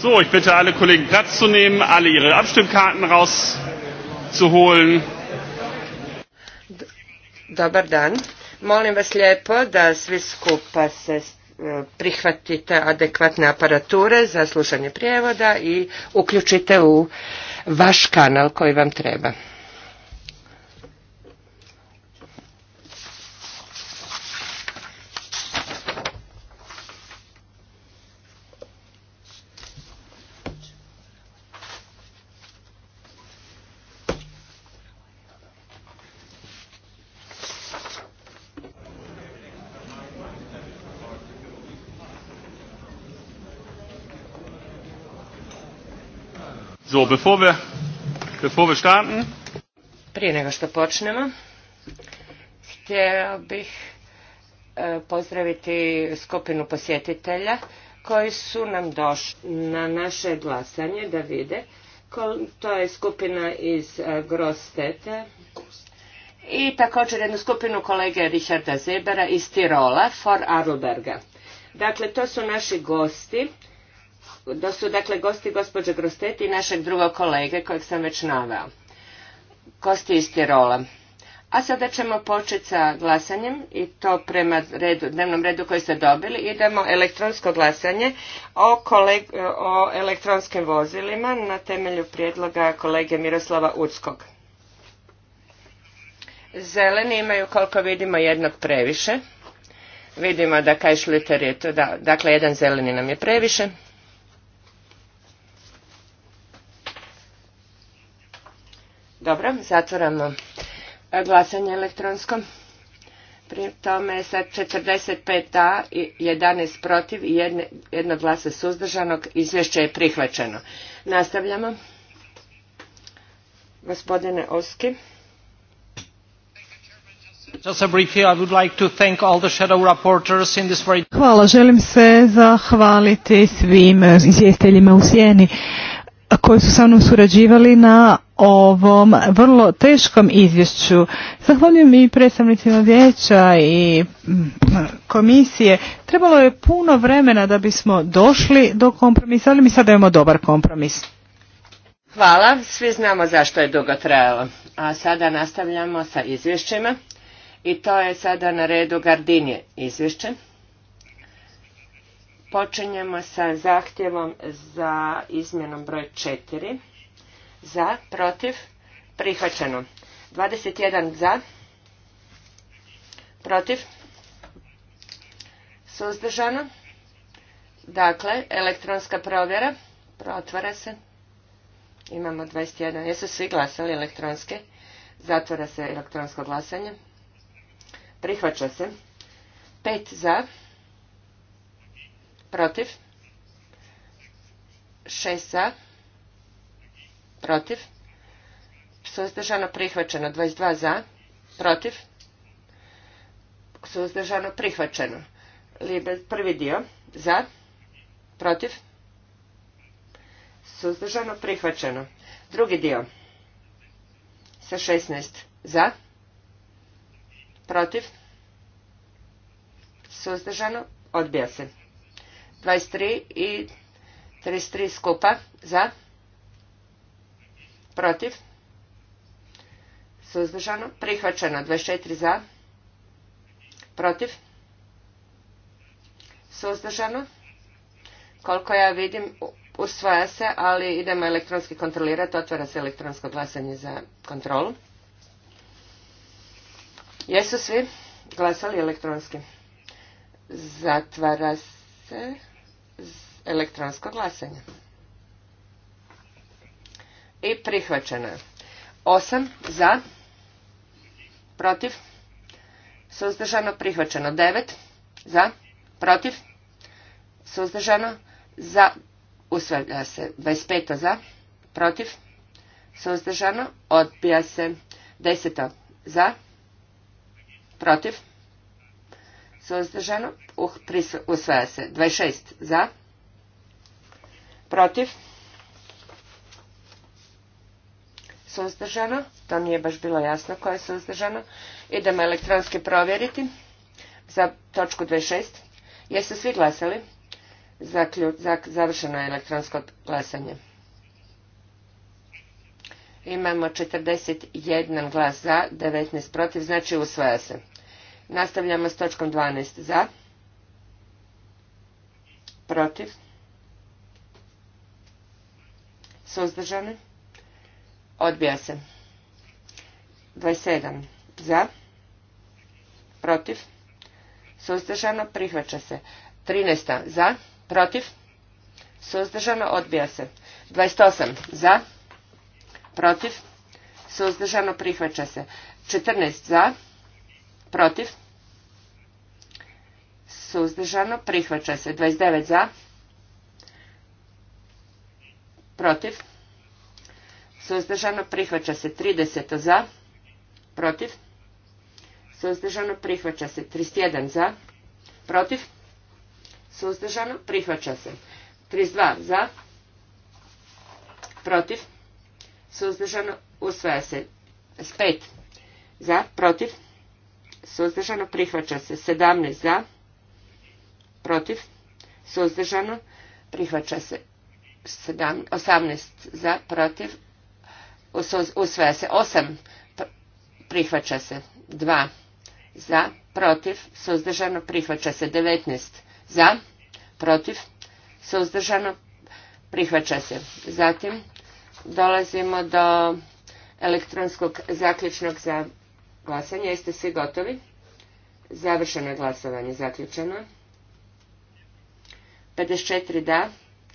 So, ich bitte alle Kollegen Platz zu nehmen, alle ihre Abstimmkarten rauszuholen. Dobar dan. Molim vas lijepo da svi skupa se e, prihvatite adekvatne aparature za slušanje prijevoda i uključite u vaš kanal koji vam treba. Prije nego što počnemo, htio bih e, pozdraviti skupinu posjetitelja koji su nam došli na naše glasanje da vide. To je skupina iz e, Grostete i također jednu skupinu kolege Richarda Zebera iz Tirola, For Arlberga. Dakle, to su naši gosti da su dakle gosti gospođe Grosteti i našeg drugog kolege kojeg sam već naveo. Kosti iz Tirola. A sada ćemo početi sa glasanjem i to prema dnevnom redu koji ste dobili. Idemo elektronsko glasanje o, elektronskim vozilima na temelju prijedloga kolege Miroslava Uckog. Zeleni imaju koliko vidimo jednog previše. Vidimo da kaj šliter je to, dakle jedan zeleni nam je previše. Dobro, zatvoramo e, glasanje elektronsko. Pri tome sa 45 a i 11 protiv i jedno glasa suzdržanog izvješće je prihvaćeno. Nastavljamo. Gospodine Oski. Hvala, želim se zahvaliti svim izvjestiteljima u sjeni koji su sa mnom surađivali na ovom vrlo teškom izvješću. Zahvaljujem i predstavnicima vijeća i mm, komisije. Trebalo je puno vremena da bismo došli do kompromisa, ali mi sada imamo dobar kompromis. Hvala, svi znamo zašto je dugo trajalo. A sada nastavljamo sa izvješćima i to je sada na redu Gardinje izvješće. Počinjemo sa zahtjevom za izmjenom broj 4. Za, protiv, prihvaćeno. 21 za, protiv, suzdržano. Dakle, elektronska provjera. protvara se. Imamo 21. Jesu svi glasali elektronske? Zatvara se elektronsko glasanje. Prihvaća se. 5 za. Protiv. Šest za. Protiv. Suzdržano prihvaćeno. 22 za. Protiv. Suzdržano prihvaćeno. prvi dio. Za. Protiv. Suzdržano prihvaćeno. Drugi dio. Sa 16. Za. Protiv. Suzdržano. Odbija se. 23 i 33 skupa za protiv suzdržano prihvaćeno 24 za protiv suzdržano koliko ja vidim usvaja se ali idemo elektronski kontrolirati otvara se elektronsko glasanje za kontrolu jesu svi glasali elektronski zatvara se elektronsko glasanje. I prihvaćeno je. Osam za, protiv, suzdržano, prihvaćeno. Devet za, protiv, suzdržano, za, usvaja se. 25 za, protiv, suzdržano, odbija se. 10 za, protiv, Suzdržano? Uh, usvaja se. 26 za. Protiv? Suzdržano? To nije baš bilo jasno koje je suzdržano. Idemo elektronski provjeriti za točku 26. Jesu svi glasali? završeno je elektronsko glasanje. Imamo 41 glas za, 19 protiv, znači usvaja se. Nastavljamo s točkom 12. Za. Protiv. Suzdržano. Odbija se. 27. Za. Protiv. Suzdržano. Prihvaća se. 13. Za. Protiv. Suzdržano. Odbija se. 28. Za. Protiv. Suzdržano. Prihvaća se. 14. Za. Protiv? Suzdržano. Prihvaća se. 29 za. Protiv? Suzdržano. Prihvaća se. 30 za. Protiv? Suzdržano. Prihvaća se. 31 za. Protiv? Suzdržano. Prihvaća se. 32 za. Protiv? Suzdržano. Usvaja se. 5 za. Protiv? suzdržano, prihvaća se. 17 za, protiv, suzdržano, prihvaća se. osamnaest za, protiv, usvaja se. Osam, prihvaća se. Dva za, protiv, suzdržano, prihvaća se. Devetnaest za, protiv, suzdržano, prihvaća se. Zatim dolazimo do elektronskog zaključnog za glasanje. Jeste svi gotovi? Završeno je glasovanje, zaključeno. 54 da,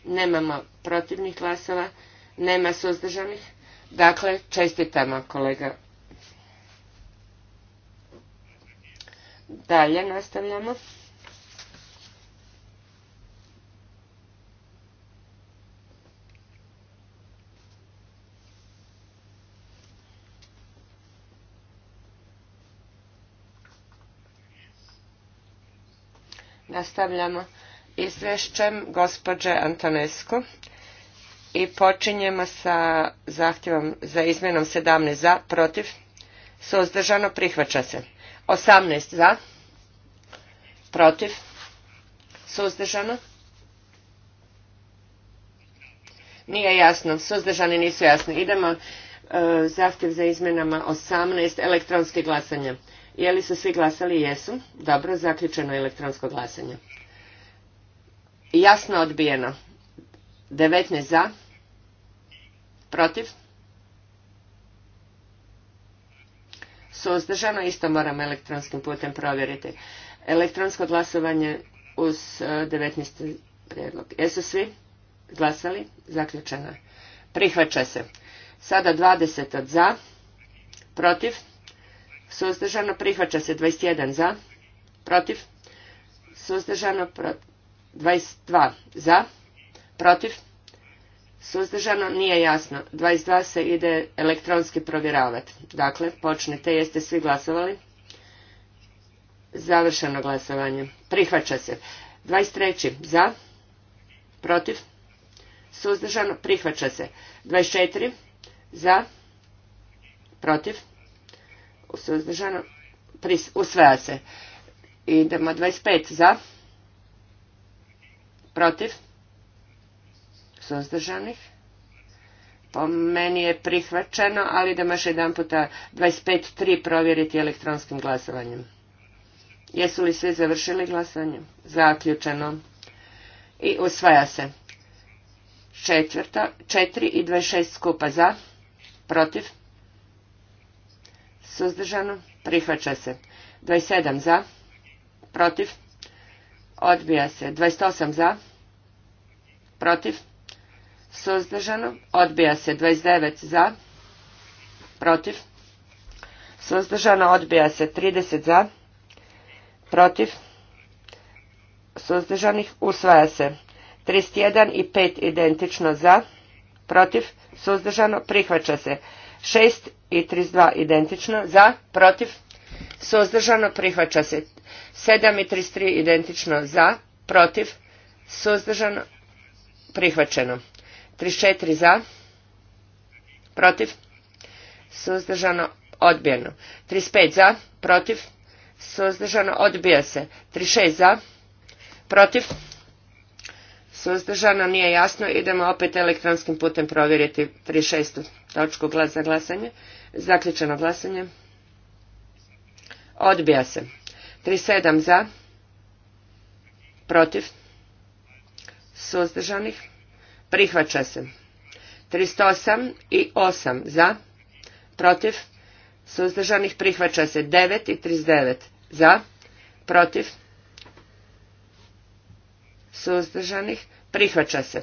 nemamo protivnih glasova, nema suzdržanih. Dakle, čestitamo kolega. Dalje nastavljamo. Nastavljamo izvješćem gospođe Antonesku i počinjemo sa zahtjevom za izmjenom 17 za, protiv, suzdržano, prihvaća se. 18 za, protiv, suzdržano. Nije jasno, suzdržani nisu jasni. Idemo e, zahtjev za izmjenama 18 elektronskih glasanje. Je li su svi glasali? Jesu. Dobro, zaključeno elektronsko glasanje. Jasno odbijeno. 19 za. Protiv. Suzdržano isto moram elektronskim putem provjeriti. Elektronsko glasovanje uz 19. E, prijedlog. Jesu svi glasali? Zaključeno. Prihvaća se. Sada 20 od za. Protiv. Suzdržano prihvaća se 21 za. Protiv. Suzdržano 22 za. Protiv. Suzdržano nije jasno. 22 se ide elektronski provjeravati. Dakle, počnite. Jeste svi glasovali? Završeno glasovanje. Prihvaća se. 23. Za. Protiv. Suzdržano. Prihvaća se. 24. Za. Protiv suzdržano, usvaja se. Idemo 25 za, protiv, suzdržanih. Po meni je prihvaćeno, ali idemo još jedan puta 25.3 provjeriti elektronskim glasovanjem. Jesu li svi završili glasanje? Zaključeno. I usvaja se. Četvrta, 4 i 26 skupa za, protiv, Suzdržano? Prihvaća se. 27 za. Protiv? Odbija se. 28 za. Protiv? Suzdržano? Odbija se. 29 za. Protiv? Suzdržano? Odbija se. 30 za. Protiv? Suzdržanih? Usvaja se. 31 i 5 identično za. Protiv? Suzdržano? Prihvaća se. 6 i 32 identično, za, protiv, suzdržano, prihvaća se. 7 i 33 identično, za, protiv, suzdržano, prihvaćeno. 34 za, protiv, suzdržano, odbijeno. 35 za, protiv, suzdržano, odbija se. 36 za, protiv, Suzdržano nije jasno. Idemo opet elektronskim putem provjeriti 36. točku glas za glasanje. Zaključeno glasanje. Odbija se. 37 za. Protiv. Suzdržanih. Prihvaća se. 308 i 8 za. Protiv. Suzdržanih prihvaća se 9 i 39 za. Protiv suzdržanih, prihvaća se.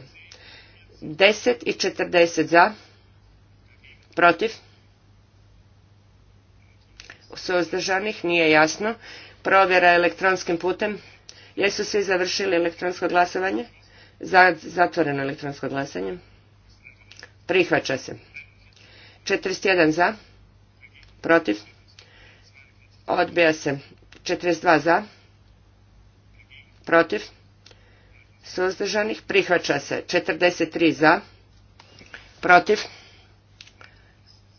10 i 40 za, protiv, suzdržanih, nije jasno. Provjera elektronskim putem. Jesu svi završili elektronsko glasovanje? zatvoreno elektronsko glasanje. Prihvaća se. 41 za, protiv, odbija se. 42 za, protiv, suzdržanih, prihvaća se 43 za, protiv,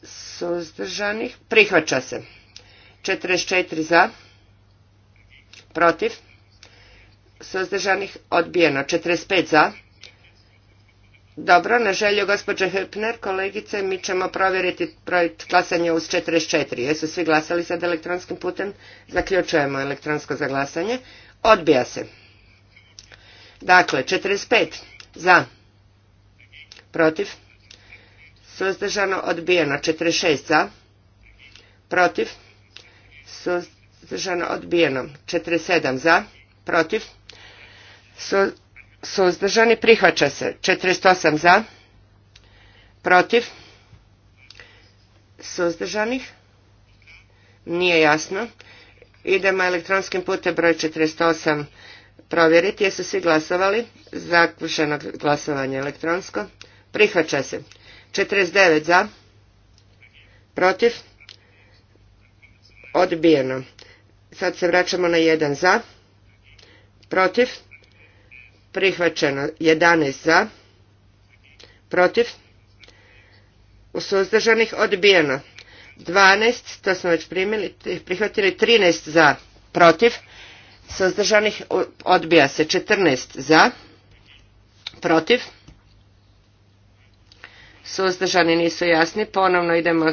suzdržanih, prihvaća se 44 za, protiv, suzdržanih, odbijeno 45 za, dobro, na želju gospođe hepner kolegice, mi ćemo provjeriti projekt glasanje uz 44. Jesu svi glasali sad elektronskim putem? Zaključujemo elektronsko zaglasanje. Odbija se. Dakle, 45 za, protiv, suzdržano, odbijeno. 46 za, protiv, suzdržano, odbijeno. 47 za, protiv, suzdržani, prihvaća se. 48 za, protiv, suzdržanih, nije jasno. Idemo elektronskim putem broj 48 provjeriti. Jesu svi glasovali? Zaključeno glasovanje elektronsko. Prihvaća se. 49 za. Protiv. Odbijeno. Sad se vraćamo na 1 za. Protiv. Prihvaćeno. 11 za. Protiv. U suzdržanih odbijeno. 12, to smo već prihvatili 13 za. Protiv suzdržanih odbija se 14 za protiv suzdržani nisu jasni ponovno idemo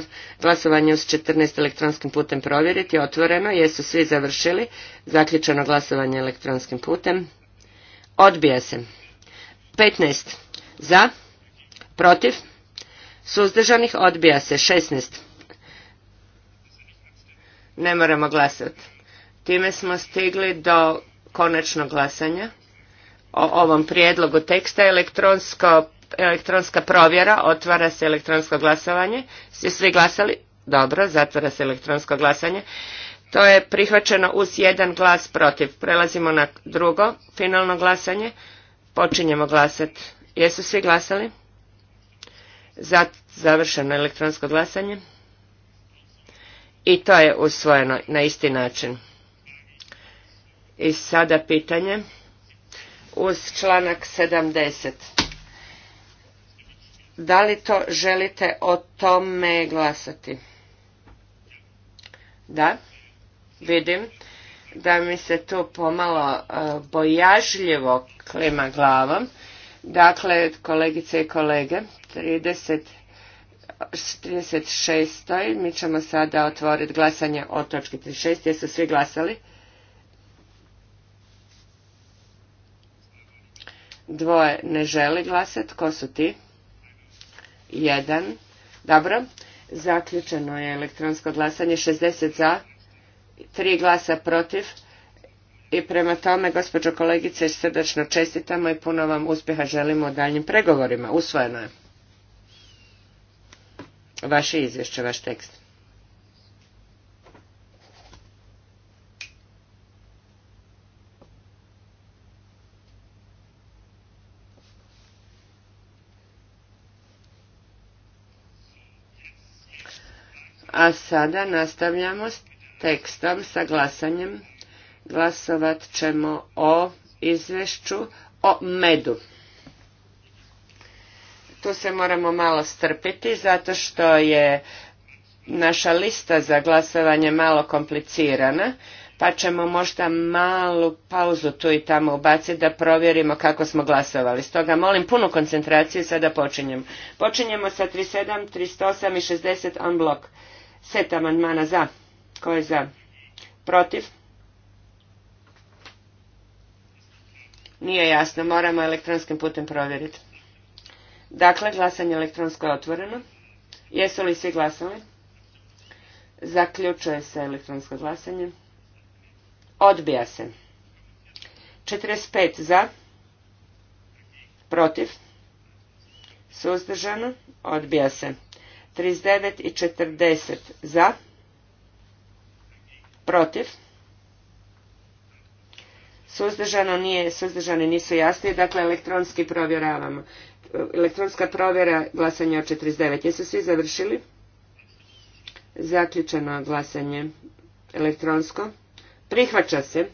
glasovanje s 14 elektronskim putem provjeriti otvoreno jesu svi završili zaključeno glasovanje elektronskim putem odbija se 15 za protiv suzdržanih odbija se 16 ne moramo glasati Time smo stigli do konačnog glasanja o ovom prijedlogu teksta. elektronska provjera, otvara se elektronsko glasovanje. Svi svi glasali? Dobro, zatvara se elektronsko glasanje. To je prihvaćeno uz jedan glas protiv. Prelazimo na drugo, finalno glasanje. Počinjemo glasati. Jesu svi glasali? Za, završeno elektronsko glasanje. I to je usvojeno na isti način. I sada pitanje uz članak 70. Da li to želite o tome glasati? Da, vidim da mi se tu pomalo e, bojažljivo klima glavom. Dakle, kolegice i kolege, 30, 36. mi ćemo sada otvoriti glasanje o točki 36. Jesu svi glasali? Dvoje ne želi glasati. Ko su ti? Jedan. Dobro. Zaključeno je elektronsko glasanje. 60 za, tri glasa protiv. I prema tome, gospođo kolegice, srdačno čestitamo i puno vam uspjeha želimo u daljnjim pregovorima. Usvojeno je vaše izvješće, vaš tekst. A sada nastavljamo s tekstom sa glasanjem. Glasovat ćemo o izvješću o medu. Tu se moramo malo strpiti zato što je naša lista za glasovanje malo komplicirana, pa ćemo možda malu pauzu tu i tamo ubaciti da provjerimo kako smo glasovali. Stoga molim punu koncentraciju i sada počinjemo. Počinjemo sa 37, 308 i 60 on blok set amandmana za. Tko je za? Protiv? Nije jasno, moramo elektronskim putem provjeriti. Dakle, glasanje elektronsko je otvoreno. Jesu li svi glasali? Zaključuje se elektronsko glasanje. Odbija se. 45 za. Protiv. Suzdržano. Odbija se. 39 i 40 za, protiv, suzdržano nije, suzdržani nisu jasni, dakle elektronski provjeravamo. Elektronska provjera glasanja od 49. Jesu svi završili? Zaključeno glasanje elektronsko. Prihvaća se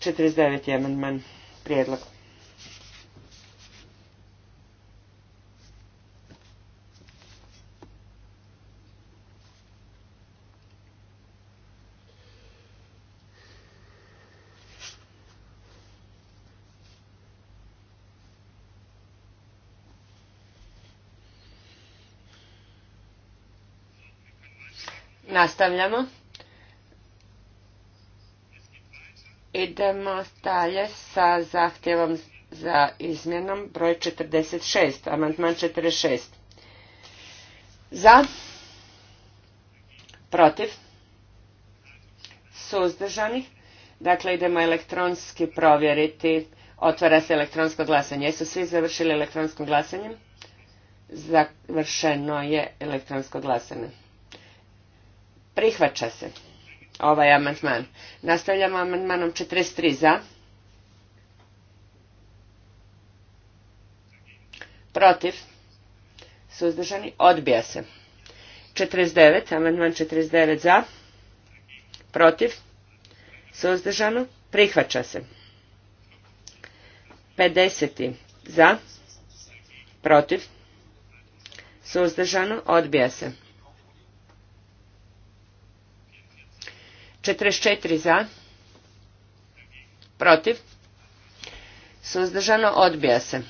49. amandman prijedlog. Nastavljamo. Idemo dalje sa zahtjevom za izmjenom broj 46, amantman 46. Za, protiv, suzdržanih. Dakle, idemo elektronski provjeriti. Otvara se elektronsko glasanje. Jesu svi završili elektronskom glasanjem? Završeno je elektronsko glasanje. Prihvaća se ovaj amandman. Nastavljamo amandmanom 43 za. Protiv. Suzdržani. Odbija se. 49. Amandman 49 za. Protiv. Suzdržano. Prihvaća se. 50. Za. Protiv. Suzdržano. Odbija se. 44 za, protiv, suzdržano, odbija se.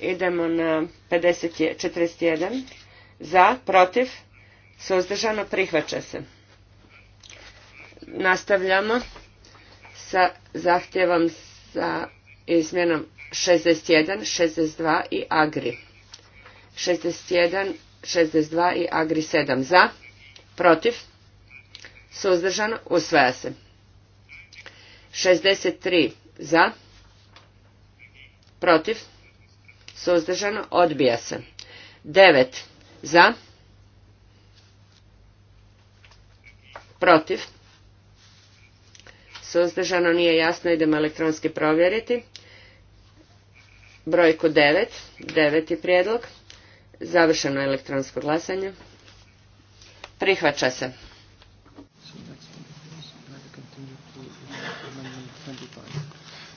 Idemo na 51. 41 za, protiv, suzdržano, prihvaća se. Nastavljamo sa zahtjevom za izmjenom 61, 62 i Agri. 61, 62 i Agri 7 za, protiv, Suzdržano? Usvaja se. 63 za. Protiv? Suzdržano? Odbija se. 9 za. Protiv? Suzdržano nije jasno, idemo elektronski provjeriti. Brojku 9, deveti prijedlog. Završeno elektronsko glasanje. Prihvaća se.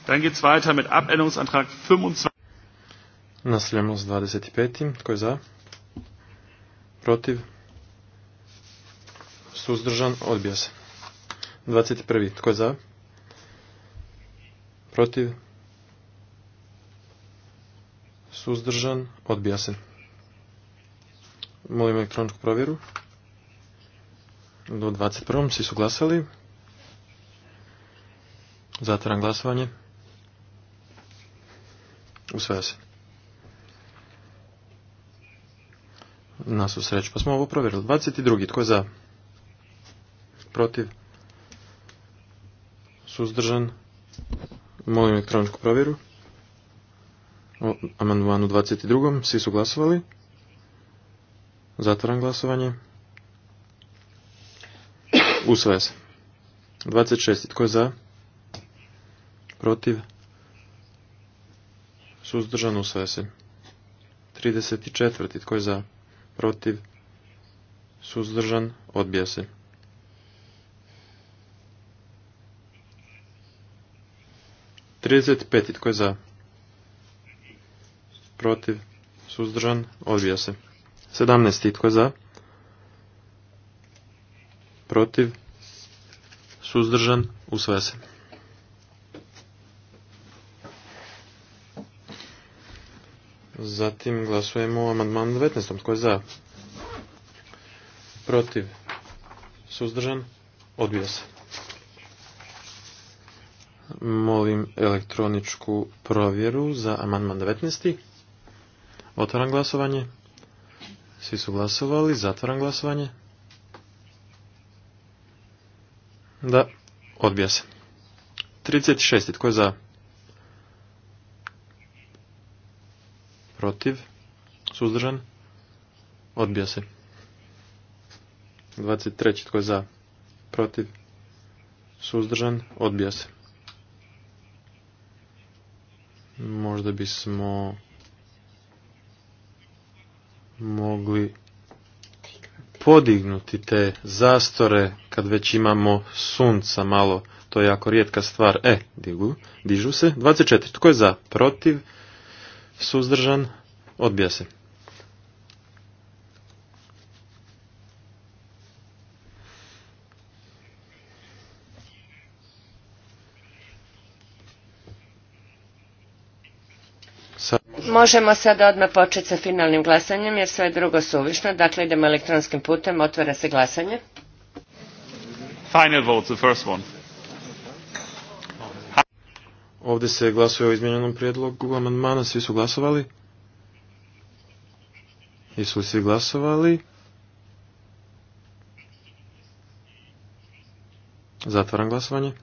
Dann geht's weiter mit Abänderungsantrag 25. Nastavljamo s 25. Tko je za? Protiv? Suzdržan? Odbija se. 21. Tko je za? Protiv? Suzdržan? Odbija se. Molim elektroničku provjeru. Do 21. Svi su glasali. Zatvaram glasovanje. Usvaja se. Nas u sreću. Pa smo ovo provjerili. 22. Tko je za? Protiv? Suzdržan? Molim elektroničku provjeru. O amandmanu 22. Svi su glasovali. Zatvaram glasovanje. Usvaja se. 26. Tko je za? Protiv? Suzdržan usvesen. Trideset 34. Tko je za? Protiv. Suzdržan odbija se. 35. Tko je za? Protiv. Suzdržan odbija se. 17. Tko je za? Protiv. Suzdržan u se. Zatim glasujemo o amandmanu 19. Tko je za? Protiv? Suzdržan? Odbija se. Molim elektroničku provjeru za amandman 19. Otvaram glasovanje. Svi su glasovali. Zatvaram glasovanje. Da, odbija se. 36. Tko je za? protiv, suzdržan, odbija se. 23. tko je za, protiv, suzdržan, odbija se. Možda bismo mogli podignuti te zastore kad već imamo sunca malo, to je jako rijetka stvar. E, digu, dižu se. 24. Tko je za? Protiv? suzdržan, odbija se. Možemo sada odmah početi sa finalnim glasanjem jer sve je drugo suvišno. Dakle, idemo elektronskim putem, otvara se glasanje. Final vote, the first one. Ovdje se glasuje o izmjenjenom prijedlogu amandmana. Svi su glasovali? Jesu li svi glasovali? Zatvaram glasovanje.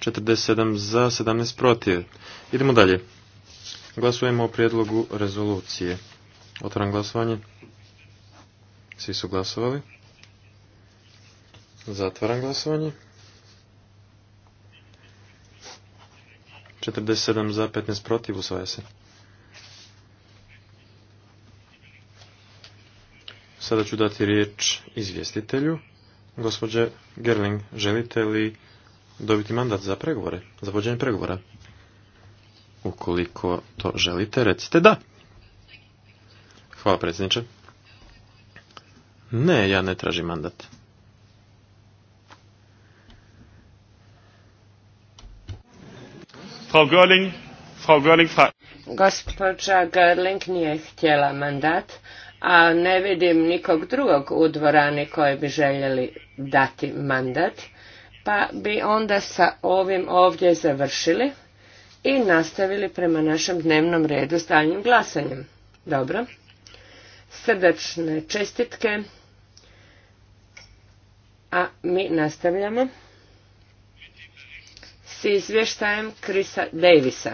47 za, 17 protiv. Idemo dalje. Glasujemo o prijedlogu rezolucije. Otvaram glasovanje. Svi su glasovali. Zatvaram glasovanje. 47 za 15 protiv usvaja se. Sada ću dati riječ izvjestitelju. Gospođe Gerling, želite li dobiti mandat za pregovore, za vođenje pregovora? Ukoliko to želite, recite da. Hvala predsjedniče. Ne, ja ne tražim mandat. Frau Görling, Gospođa Görling nije htjela mandat, a ne vidim nikog drugog u dvorani koji bi željeli dati mandat, pa bi onda sa ovim ovdje završili i nastavili prema našem dnevnom redu s daljnjim glasanjem. Dobro. Srdačne čestitke. A mi nastavljamo s izvještajem Krisa Davisa.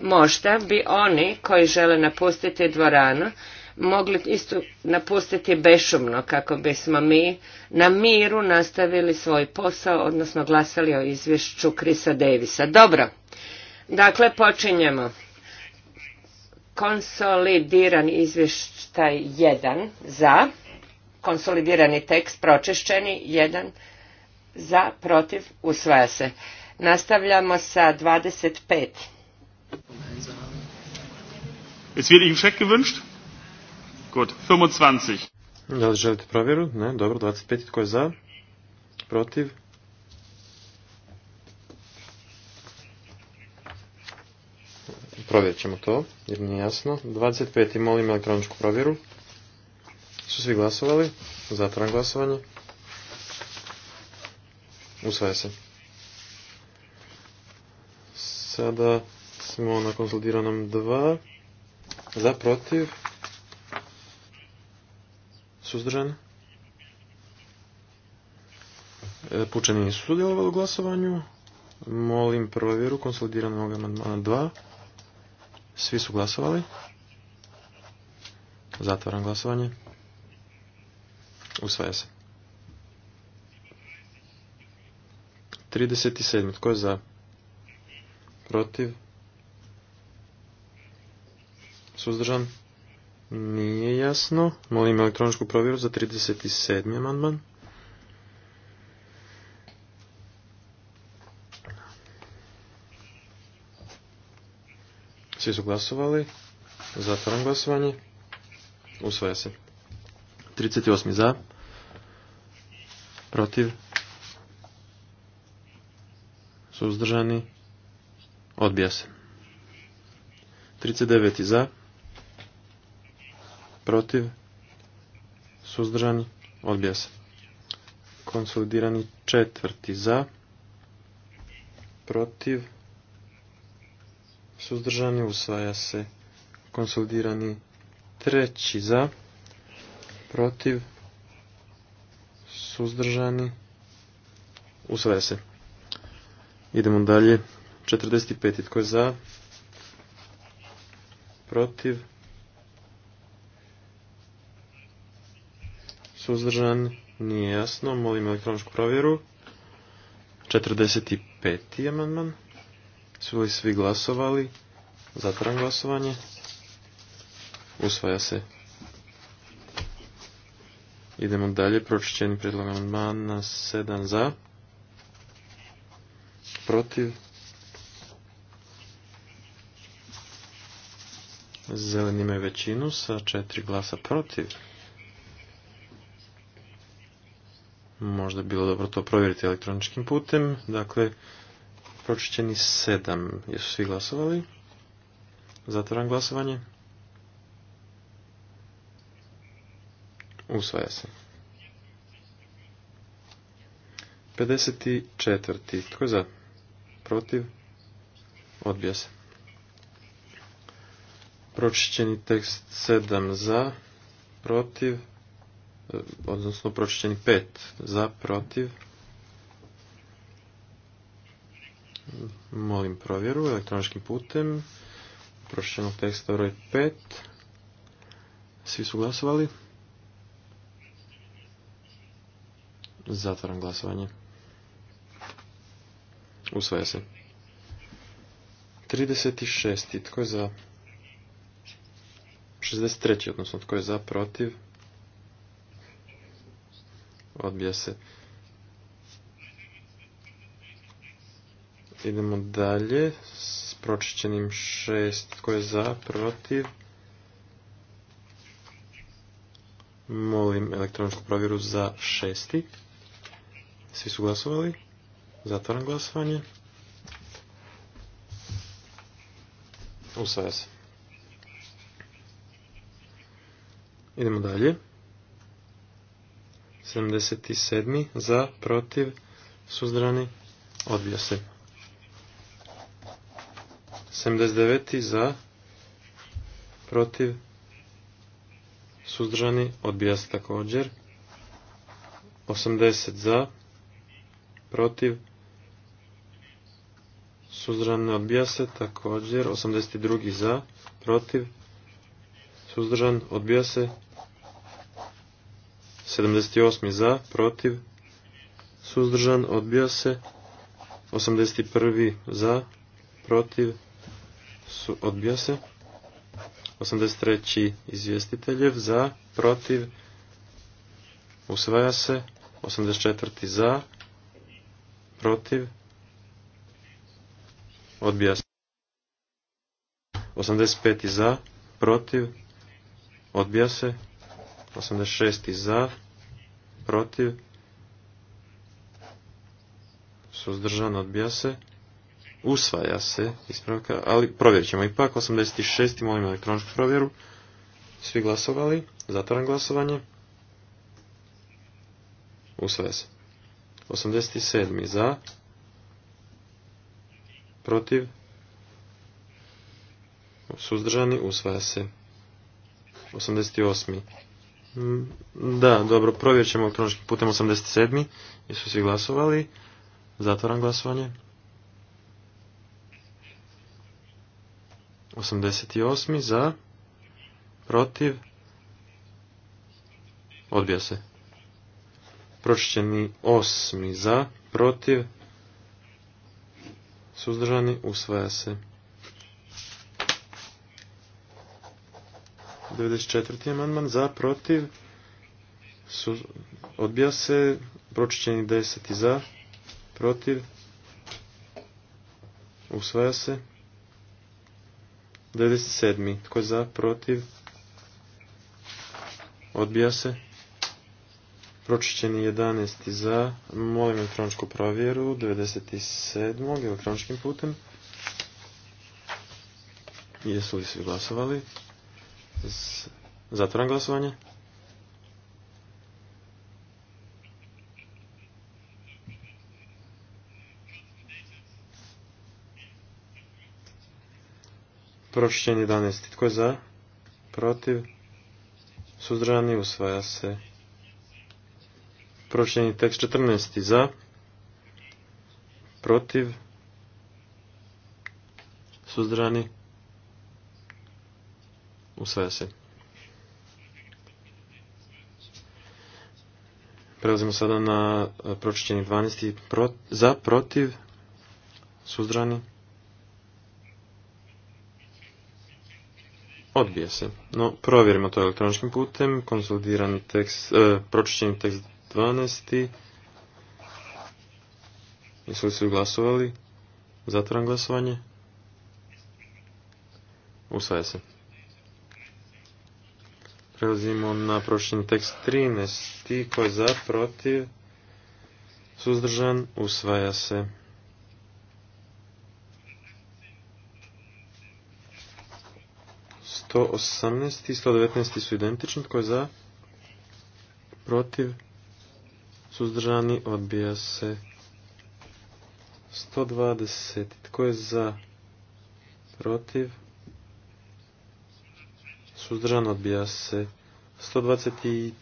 Možda bi oni koji žele napustiti dvoranu mogli isto napustiti bešumno kako bismo mi na miru nastavili svoj posao, odnosno glasali o izvješću Krisa Davisa. Dobro, dakle počinjemo. Konsolidiran izvještaj 1 za konsolidirani tekst pročišćeni, jedan za, protiv, usvaja se. Nastavljamo sa 25. Es wird Ihnen Check gewünscht? Gut, 25. Da li želite provjeru? Ne, dobro, 25. Tko je za? Protiv? Provjerit ćemo to, jer nije jasno. 25. molim elektroničku provjeru. Su svi glasovali? Zatvaram glasovanje. Usvaja se. Sada smo na konsolidiranom dva. Za, protiv. Suzdržan. E, pučani nisu sudjelovali u glasovanju. Molim provjeru konsolidiranog amandmana 2. Svi su glasovali. Zatvaram glasovanje. Usvaja se. 37. Tko je za? Protiv? Suzdržan? Nije jasno. Molim elektroničku provjeru za 37. amandman. Svi su glasovali. Zatvaram glasovanje. Usvaja se. 38. za protiv, suzdržani, odbija se. 39. za, protiv, suzdržani, odbija se. Konsolidirani četvrti za, protiv, suzdržani, usvaja se. Konsolidirani treći za, protiv, suzdržani, usvaja se. Idemo dalje, 45. tko je za, protiv, suzdržan, nije jasno, molim elektroničku provjeru. 45. amandman, su li svi glasovali, zatvaram glasovanje, usvaja se. Idemo dalje, pročišćeni predlog na 7 za, protiv, zeleni imaju većinu sa četiri glasa protiv. Možda bi bilo dobro to provjeriti elektroničkim putem. Dakle, pročišćeni sedam, jesu svi glasovali. Zatvaram glasovanje. Usvaja se. 54. Tko je za? Protiv? Odbija se. Pročišćeni tekst 7 za, protiv, e, odnosno pročišćeni 5 za, protiv. Molim provjeru elektroničkim putem. Pročišćenog teksta broj 5. Svi su glasovali. Zatvaram glasovanje. Usvaja se. 36. Tko je za? 63. Odnosno, tko je za? Protiv? Odbija se. Idemo dalje s pročišćenim 6. Tko je za? Protiv? Molim elektroničku provjeru za šesti. Svi su glasovali? Zatvaram glasovanje. Usvaja se. Idemo dalje. 77. Za, protiv, suzdrani, odbija se. 79. Za, protiv, suzdrani, odbija se također. 80. Za, protiv, suzdržan ne odbija se, također 82 za, protiv, suzdržan odbija se, 78 za, protiv, suzdržan odbija se, 81 za, protiv, su, odbija se, 83 izvjestiteljev za, protiv, usvaja se, 84 za, protiv, odbija se. 85. za, protiv, odbija se. 86. za, protiv, suzdržan, odbija se. Usvaja se ispravka, ali provjerit ćemo ipak. 86. molim elektroničku provjeru. Svi glasovali, zatvaram glasovanje. Usvaja se. 87. za, protiv, suzdržani, usvaja se. 88. Mm, da, dobro, provjerit ćemo elektroničkim putem 87. Jesu svi glasovali? Zatvoram glasovanje. 88. za, protiv, odbija se pročišćeni osmi za, protiv, suzdržani, usvaja se. 94. amandman za, protiv, odbija se, pročišćeni deseti za, protiv, usvaja se. 97. Tko je za, protiv, odbija se. Pročišćeni 11. za, molim elektroničku provjeru, 97. elektroničkim putem. Jesu li svi glasovali? Zatvoram glasovanje. Pročišćen 11. Tko je za? Protiv? Suzdržani usvaja se. Pročitani tekst 14. za, protiv, suzdrani, usvaja se. Prelazimo sada na e, pročićeni 12. za, protiv, suzdrani. odbija se. No, provjerimo to elektroničkim putem. Konsolidirani tekst, e, tekst 12. Jesu li svi glasovali? Zatvaram glasovanje. Usvaja se. Prelazimo na prošljeni tekst 13. koji je za, protiv, suzdržan, usvaja se. Sto osamnaest i sto su identični. Tko je za? Protiv? suzdržani, odbija se 120. Tko je za? Protiv? Suzdržan odbija se. 121.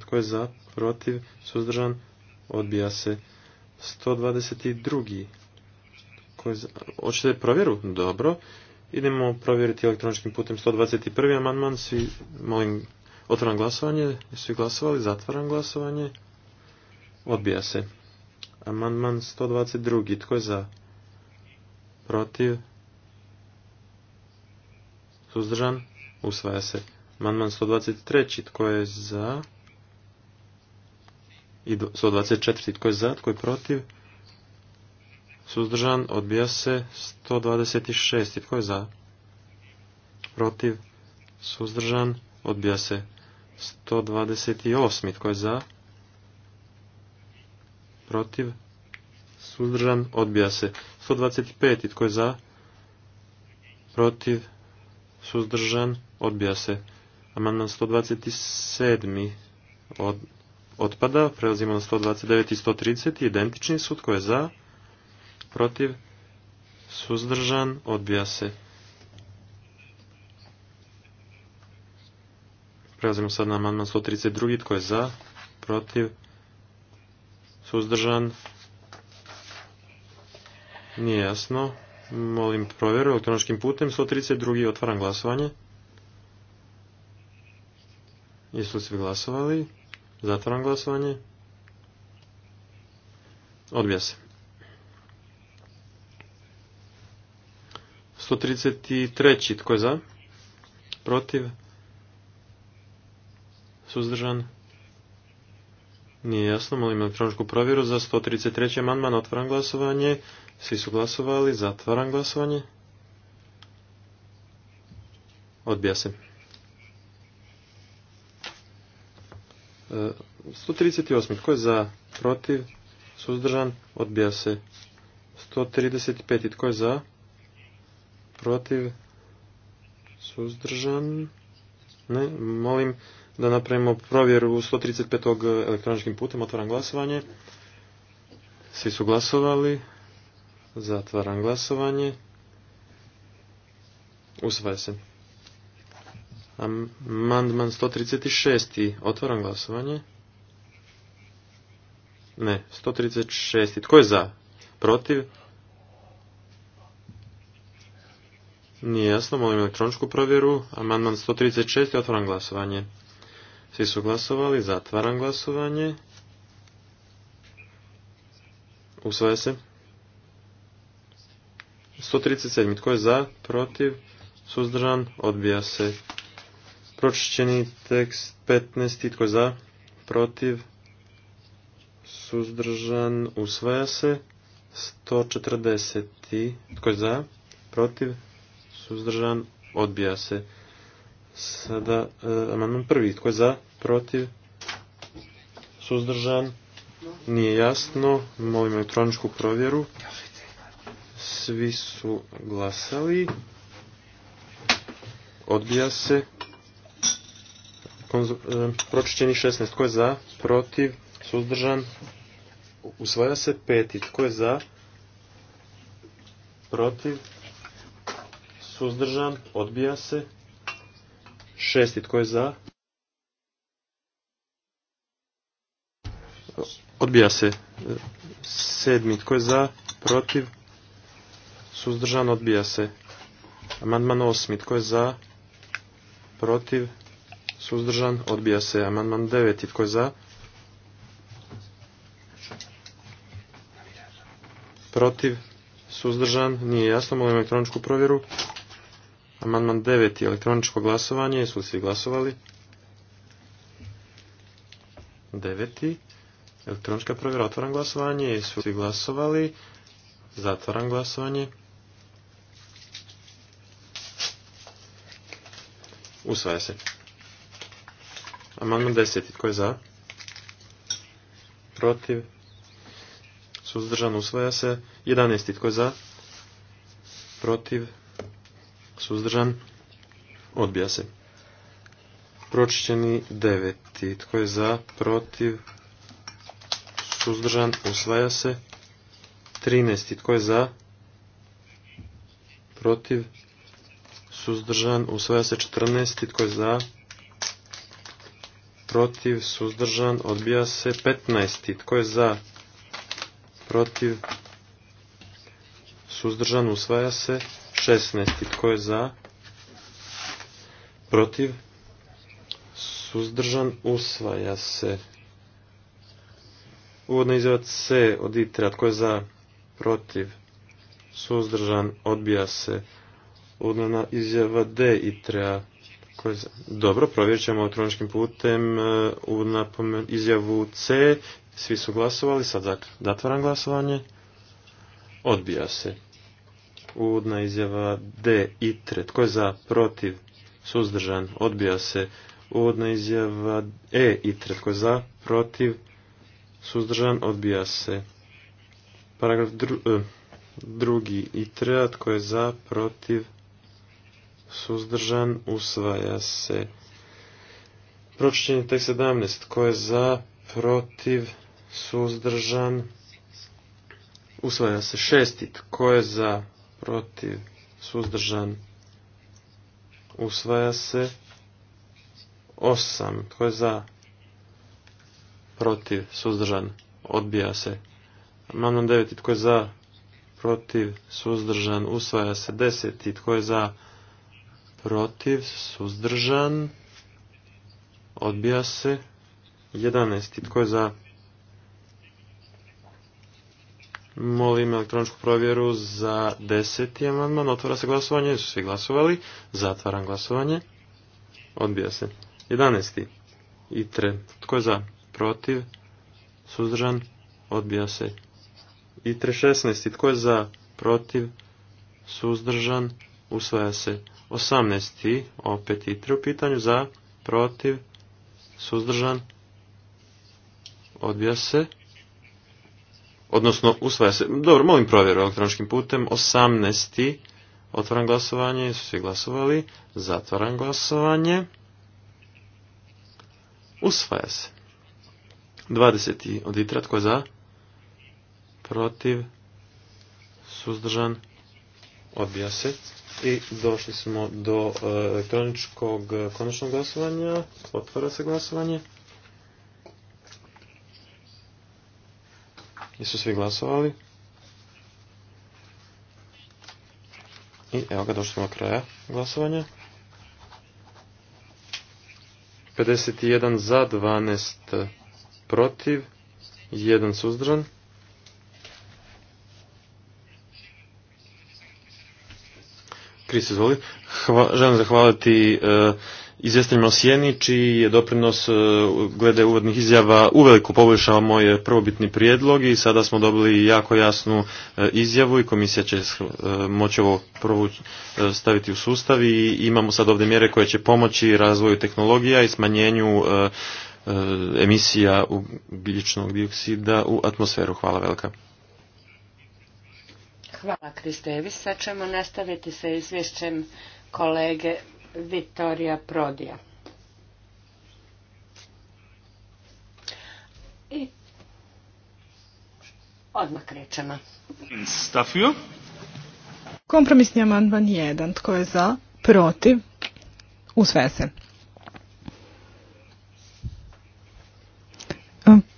Tko je za? Protiv? Suzdržan odbija se. 122. Tko je za? Hoćete provjeru? Dobro. Idemo provjeriti elektroničkim putem 121. amandman. Svi, molim, otvaram glasovanje. Svi glasovali? Zatvaram glasovanje. Odbija se. Amandman 122. Tko je za? Protiv? Suzdržan? Usvaja se. Amandman 123. Tko je za? I 124. Tko je za? Tko je protiv? Suzdržan? Odbija se. 126. Tko je za? Protiv? Suzdržan? Odbija se. 128. Tko je za? protiv, suzdržan, odbija se. 125. Tko je za? Protiv, suzdržan, odbija se. Amandman 127. Od, otpada. Prelazimo na 129 i 130. Identični su. Tko je za? Protiv, suzdržan, odbija se. Prelazimo sad na amandman 132. Tko je za? Protiv, suzdržan, nije jasno, molim provjeru elektroničkim putem, 132. otvaram glasovanje. Jesu li svi glasovali? Zatvaram glasovanje. Odbija se. 133. Tko je za? Protiv? Suzdržan? Nije jasno, molim elektroničku provjeru za 133. amandman, otvaram glasovanje. Svi su glasovali, zatvaram glasovanje. Odbija se. 138. E, Tko je za? Protiv? Suzdržan? Odbija se. 135. Tko je za? Protiv? Suzdržan? Ne, molim da napravimo provjeru 135. elektroničkim putem. Otvaram glasovanje. Svi su glasovali. Zatvaram glasovanje. Usvaja se. Amandman 136. Otvaram glasovanje. Ne, 136. Tko je za? Protiv? Nije jasno, molim elektroničku provjeru. Amandman 136. Otvaram glasovanje. Svi su glasovali, zatvaram glasovanje. Usvaja se. 137. Tko je za? Protiv? Suzdržan? Odbija se. Pročišćeni tekst 15. Tko je za? Protiv? Suzdržan? Usvaja se. 140. Tko je za? Protiv? Suzdržan? Odbija se. Sada e, amandman prvi. Tko je za? Protiv? Suzdržan? Nije jasno. Molim elektroničku provjeru. Svi su glasali. Odbija se. Konzu... E, Pročićeni 16. Tko je za? Protiv? Suzdržan? Usvaja se peti. Tko je za? Protiv? Suzdržan? Odbija se. Šesti, tko je za? Odbija se. Sedmi, tko je za? Protiv? Suzdržan, odbija se. Amandman osmi, tko je za? Protiv? Suzdržan, odbija se. Amandman deveti, tko je za? Protiv? Suzdržan, nije jasno, molim elektroničku provjeru. Amandman 9. Elektroničko glasovanje. Jesu li svi glasovali? 9. Elektronička provjera. Otvaram glasovanje. Jesu li svi glasovali? Zatvaram glasovanje. Usvaja se. Amandman 10. Tko je za? Protiv? Suzdržan usvaja se. 11. Tko je za? Protiv? Suzdržan? Odbija se. Pročišćeni deveti. Tko je za? Protiv? Suzdržan? Usvaja se. Trinesti. Tko je za? Protiv? Suzdržan? Usvaja se. Četrnesti. Tko je za? Protiv? Suzdržan? Odbija se. Petnaesti. Tko je za? Protiv? Suzdržan? Usvaja se. 16. Tko je za? Protiv? Suzdržan? Usvaja se. Uvodna izjava C od ITRA. Tko je za? Protiv? Suzdržan? Odbija se. Uvodna izjava D ITRA. Dobro, provjerit ćemo elektroničkim putem e, napomen, izjavu C. Svi su glasovali. Sad zatvaram glasovanje. Odbija se. Uvodna izjava D. i Tko je za? Protiv. Suzdržan. Odbija se. Uvodna izjava E. Itre. Tko je za? Protiv. Suzdržan. Odbija se. Paragraf dru, e, drugi. Itre. Tko je za? Protiv. Suzdržan. Usvaja se. Pročišćenje tek 17. Tko je za? Protiv. Suzdržan. Usvaja se šesti. Tko je za? protiv, suzdržan, usvaja se. osam. Tko je za? Protiv, suzdržan, odbija se. Amandman 9. Tko je za? Protiv, suzdržan, usvaja se. 10. Tko je za? Protiv, suzdržan, odbija se. 11. Tko je za? Molim elektroničku provjeru za deseti amandman. Otvara se glasovanje. Jesu svi glasovali? Zatvaram glasovanje. Odbija se. Jedanesti. Itre. Tko je za? Protiv? Suzdržan? Odbija se. Itre šestnesti. Tko je za? Protiv? Suzdržan? Usvaja se. Osamnesti. Opet itre u pitanju. Za? Protiv? Suzdržan? Odbija se odnosno usvaja se, dobro, molim provjeru elektroničkim putem, 18. Otvaram glasovanje, su svi glasovali, zatvaram glasovanje, usvaja se. 20. od itra, tko je za? Protiv, suzdržan, odbija se. I došli smo do e, elektroničkog e, konačnog glasovanja, otvara se glasovanje. Jesu svi glasovali? I evo ga, došli smo do kraja glasovanja. 51 za, 12 protiv, 1 suzdržan. Kris, izvoli. Hva, želim zahvaliti Uh, o Sjeni, čiji je doprinos e, glede uvodnih izjava uveliko poboljšao moje prvobitni prijedlog i sada smo dobili jako jasnu e, izjavu i komisija će e, moći ovo staviti u sustav i imamo sad ovdje mjere koje će pomoći razvoju tehnologija i smanjenju emisija ugljičnog dioksida u atmosferu. Hvala velika. Hvala Kristevi. Sad ćemo nastaviti sa izvješćem kolege Vittorija Prodija. I odmah krećemo. Stafio. Kompromisni amandman 1. Tko je za? Protiv? sve se.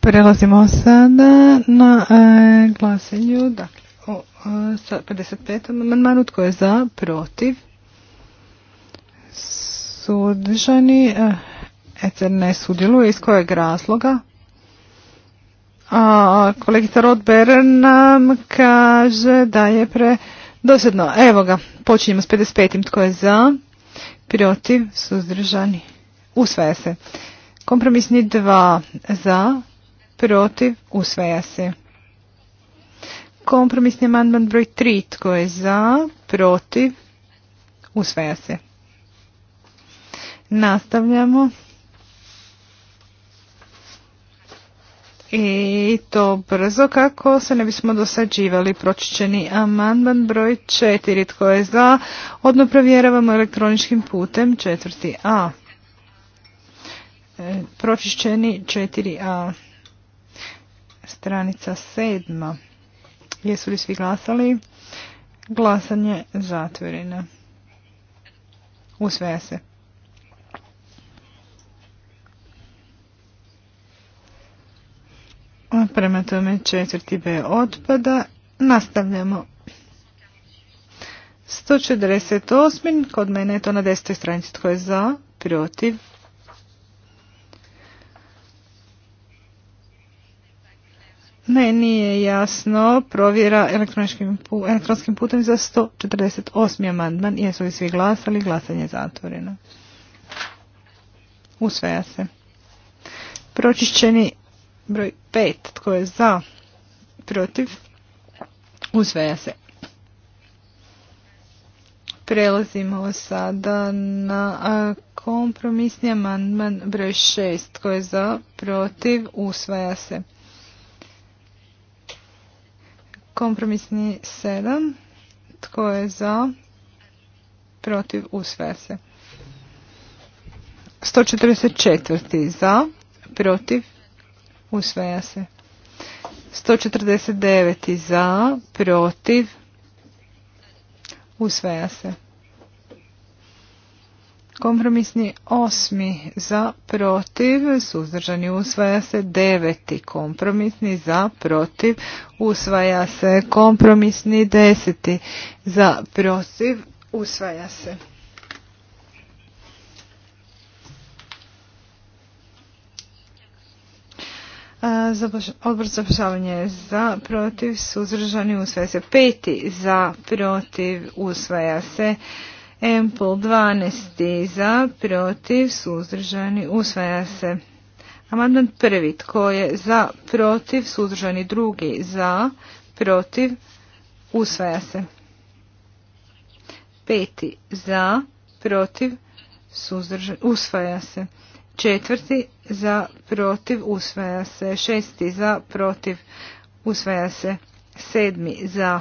Prelazimo sada na glasanje. glasenju. Dakle, o, 55. amandmanu. Tko je za? Protiv? suzdržani? ECR eh, ne sudjeluje. Iz kojeg razloga? A, kolegica Rodber nam kaže da je pre... Dosadno, evo ga, počinjemo s 55. Tko je za? Protiv, suzdržani. Usvaja se. Kompromisni 2 za, protiv, usvaja se. Kompromisni amandman broj 3. Tko je za, protiv, usvaja se. Nastavljamo. I to brzo kako se ne bismo dosađivali pročišćeni amandman broj 4. Tko je za? Odno provjeravamo elektroničkim putem četvrti A. E, pročišćeni 4A. Stranica sedma. Jesu li svi glasali? Glasanje zatvoreno. Usvaja se. Prema tome četvrti B otpada. Nastavljamo. 148. Kod mene je to na desetoj stranici. Tko je za? Protiv? Ne, nije jasno. Provjera elektronskim, putem za 148. amandman. Jesu li svi glasali? Glasanje je zatvoreno. Usveja se. Pročišćeni Broj 5. Tko je za? Protiv? Usvaja se. Prelazimo sada na kompromisni amandman broj 6. Tko je za? Protiv? Usvaja se. Kompromisni 7. Tko je za? Protiv? Usvaja se. 144. Za? Protiv? Usvaja se. 149. za, protiv. Usvaja se. Kompromisni osmi za protiv, suzdržani usvaja se deveti, kompromisni za protiv, usvaja se kompromisni deseti za protiv, usvaja se. Odbor za je za, protiv, suzdržani, usvaja se. Peti za, protiv, usvaja se. Empol 12 za, protiv, suzdržani, usvaja se. Amandman prvi, tko je za, protiv, suzdržani, drugi, za, protiv, usvaja se. Peti za, protiv, suzdržani, usvaja se četvrti za protiv usvaja se, šesti za protiv usvaja se, sedmi za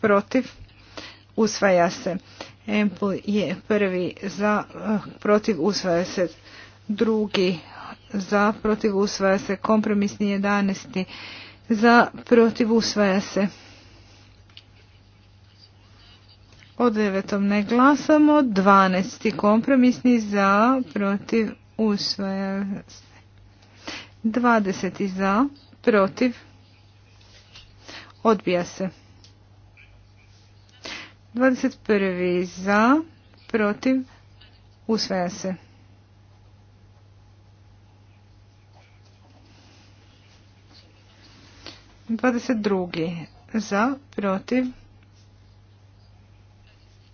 protiv usvaja se. Empl je prvi za eh, protiv usvaja se, drugi za protiv usvaja se, kompromisni jedanesti za protiv usvaja se. Od devetom ne glasamo, dvanesti kompromisni za protiv usvaja 20 za, protiv, odbija se. 21 za, protiv, usvaja se. Dvadeset drugi za, protiv,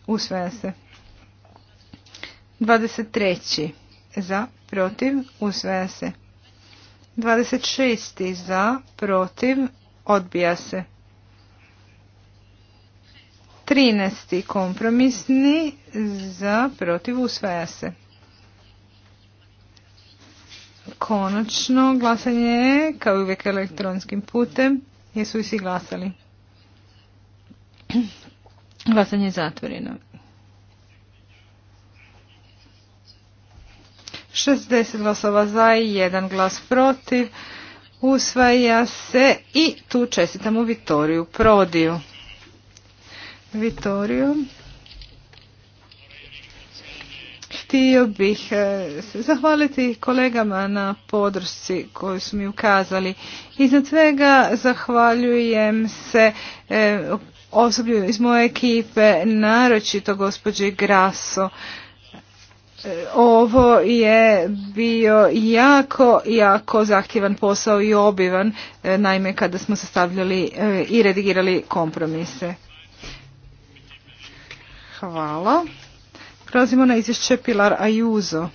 usvaja se. Dvadeset treći za, protiv, usvaja se. 26. za, protiv, odbija se. 13. kompromisni za, protiv, usvaja se. Konačno glasanje je, kao i uvijek elektronskim putem. Jesu li svi glasali? Glasanje je zatvoreno. 60 glasova za i 1 glas protiv. Usvaja se i tu čestitamo Vitoriju Prodiju. Vitoriju. Htio bih e, se zahvaliti kolegama na podršci koju su mi ukazali. Iznad svega zahvaljujem se e, osoblju iz moje ekipe, naročito gospođe Graso ovo je bio jako, jako zahtjevan posao i obivan, e, naime kada smo sastavljali e, i redigirali kompromise. Hvala. Prelazimo na izvješće Pilar Ajuzo.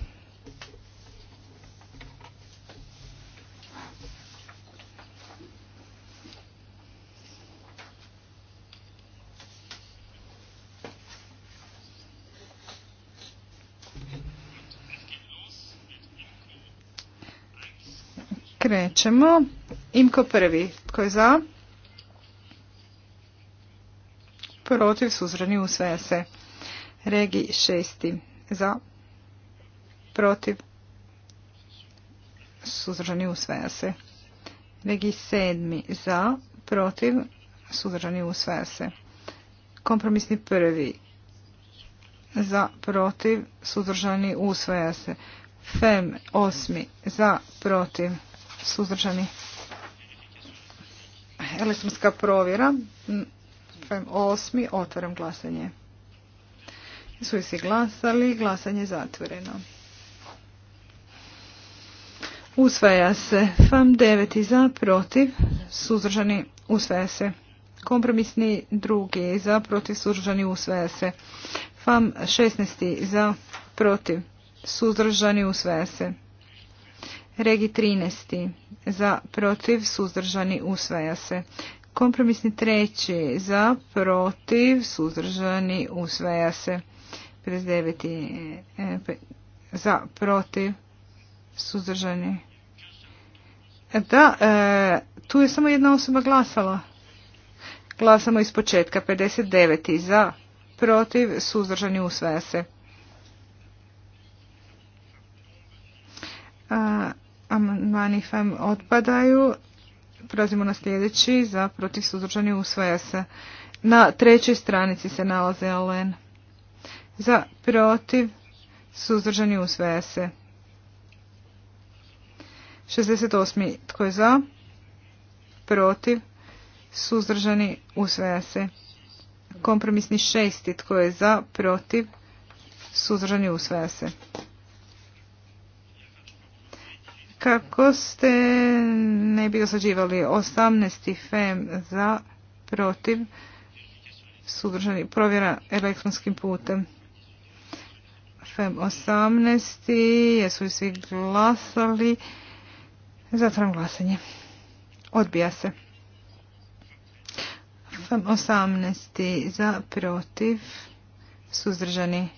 Krećemo. Imko prvi. Tko je za? Protiv suzrani usvaja se. Regi šesti. Za. Protiv. Suzrani usvaja se. Regi sedmi. Za. Protiv. Suzrani usvaja se. Kompromisni prvi. Za. Protiv. Suzdržani usvaja se. FEM osmi. Za. Protiv suzdržani. Elektronska provjera. Osmi, otvaram glasanje. Su si glasali, glasanje je zatvoreno. Usvaja se FAM 9 za, protiv, suzdržani, usvaja se. Kompromisni drugi za, protiv, suzdržani, usvaja se. FAM 16 za, protiv, suzdržani, usvaja se. Regi 13. Za protiv suzdržani usvaja se. Kompromisni treći. Za protiv suzdržani usvaja se. 59. E, za protiv suzdržani. E, da, e, tu je samo jedna osoba glasala. Glasamo iz početka. 59. Za protiv suzdržani usvaja se. Amandmani vam otpadaju. Prelazimo na sljedeći. Za protiv suzdržani usvaja se. Na trećoj stranici se nalaze LN. Za protiv suzdržani usvaja se. 68. Tko je za? Protiv. Suzdržani usvaja se. Kompromisni šesti. Tko je za? Protiv. Suzdržani usvaja se kako ste ne bi osađivali 18. fem za protiv sudržani provjera elektronskim putem. Fem 18. Jesu li svi glasali? Zatvaram glasanje. Odbija se. Fem 18. za protiv suzdržani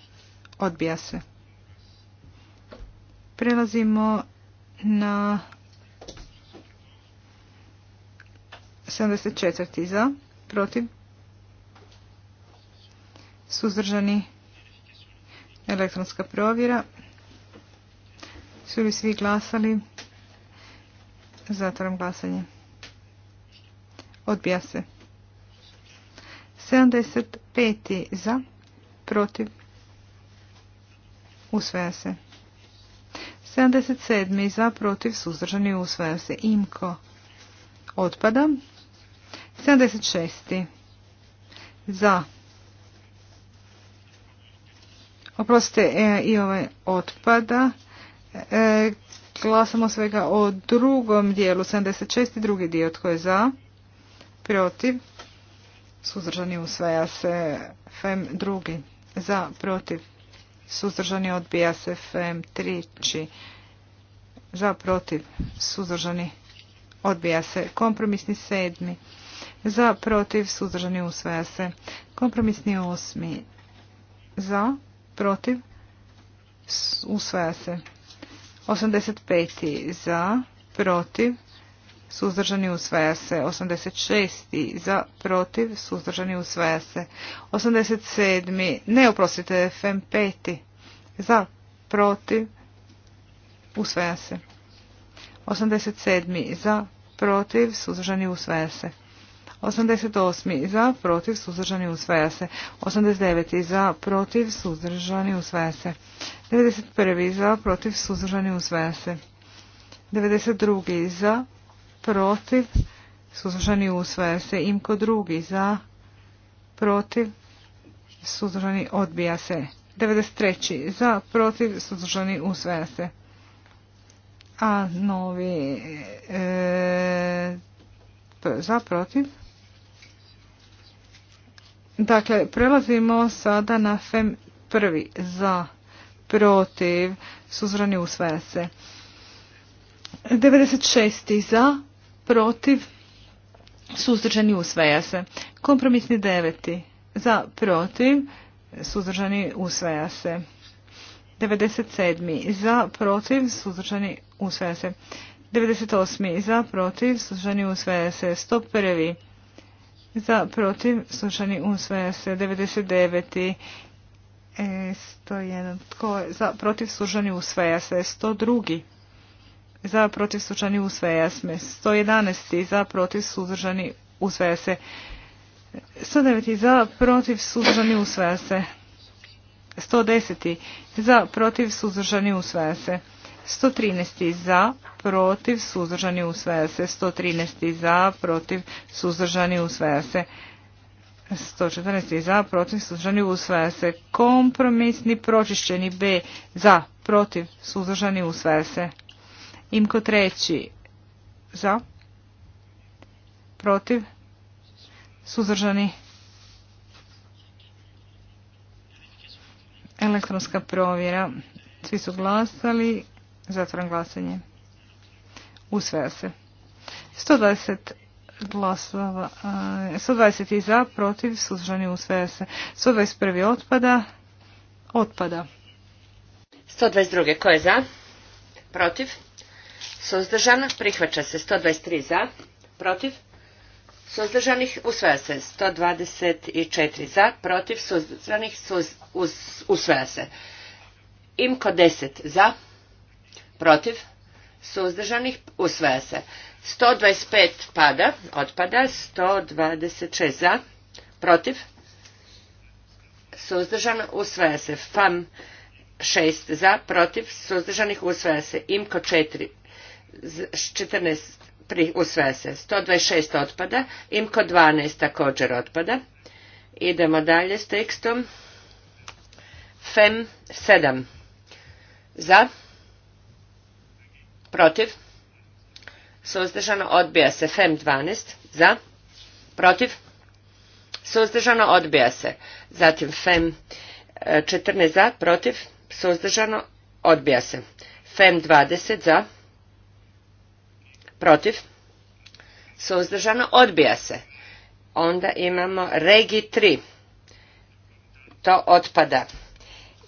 odbija se. Prelazimo na 74. za, protiv, suzdržani, elektronska provjera. Su li svi glasali? Zatvaram glasanje. Odbija se. 75. za, protiv, usvaja se. 77. za protiv suzdržani usvaja se imko. Otpada. 76. za. Oprostite, e, i ovaj otpada. E, glasamo svega o drugom dijelu. 76. drugi dio tko je za. Protiv. Suzdržani usvaja se. Fem drugi. Za protiv suzdržani odbija se fm 3 za protiv suzdržani odbija se kompromisni 7, za protiv suzdržani usvaja se kompromisni osmi za protiv usvaja se 85. za protiv suzdržani usvaja se. 86. za, protiv, suzdržani usvaja se. 87. ne oprostite, FM5. za, protiv, usvaja se. 87. za, protiv, suzdržani usvaja se. 88. za, protiv, suzdržani usvaja se. 89. za, protiv, suzdržani usvaja se. 91. za, protiv, suzdržani usvaja se. 92. za, protiv, suzdržani usvaja se. Imko drugi za, protiv, suzdržani odbija se. 93. za, protiv, suzdržani usvaja se. A novi e, za, protiv. Dakle, prelazimo sada na FEM prvi za, protiv, suzdržani usvaja se. 96. za, protiv, suzdržani usvaja se. Kompromisni deveti za protiv, suzdržani usvaja se. 97. za protiv, suzdržani usvaja se. 98. za protiv, suzdržani usvaja se. 101. za protiv, suzdržani usvaja se. 99. 101. E, Tko je za protiv suzdržani usvaja se. 102 za protiv suzdržani usvaja sme. 111. za protiv suzdržani usvaja se. 109. za protiv suzdržani usvaja se. 110. za protiv suzdržani usvaja se. 113. za protiv suzdržani usvaja se. 113. za protiv suzdržani usvaja se. 114. za protiv suzdržani usvaja se. Kompromisni pročišćeni B za protiv suzdržani usvaja se. Imko treći za, protiv, suzdržani. Elektronska provjera. Svi su glasali. Zatvoram glasanje. Usvaja se. 120 glasova, 120 i za, protiv, suzdržani usvaja se. 121. otpada, otpada. 122. ko je za? Protiv? Suzdržan, prihvaća se 123 za, protiv, suzdržanih, usvaja se 124 za, protiv, suzdržanih, usvaja se. Imko 10 za, protiv, suzdržanih, usvaja se. 125 pada, otpada, 126 za, protiv, suzdržan, usvaja se. FAM 6 za, protiv, suzdržanih, usvaja se. IMKO 4 u pri, 126 otpada. Imko 12 također otpada. Idemo dalje s tekstom. FEM 7. Za. Protiv. Suzdržano odbija se. FEM 12. Za. Protiv. Suzdržano odbija se. Zatim FEM 14 e, za. Protiv. Suzdržano odbija se. FEM 20 za protiv, suzdržano, odbija se. Onda imamo regi 3, to otpada.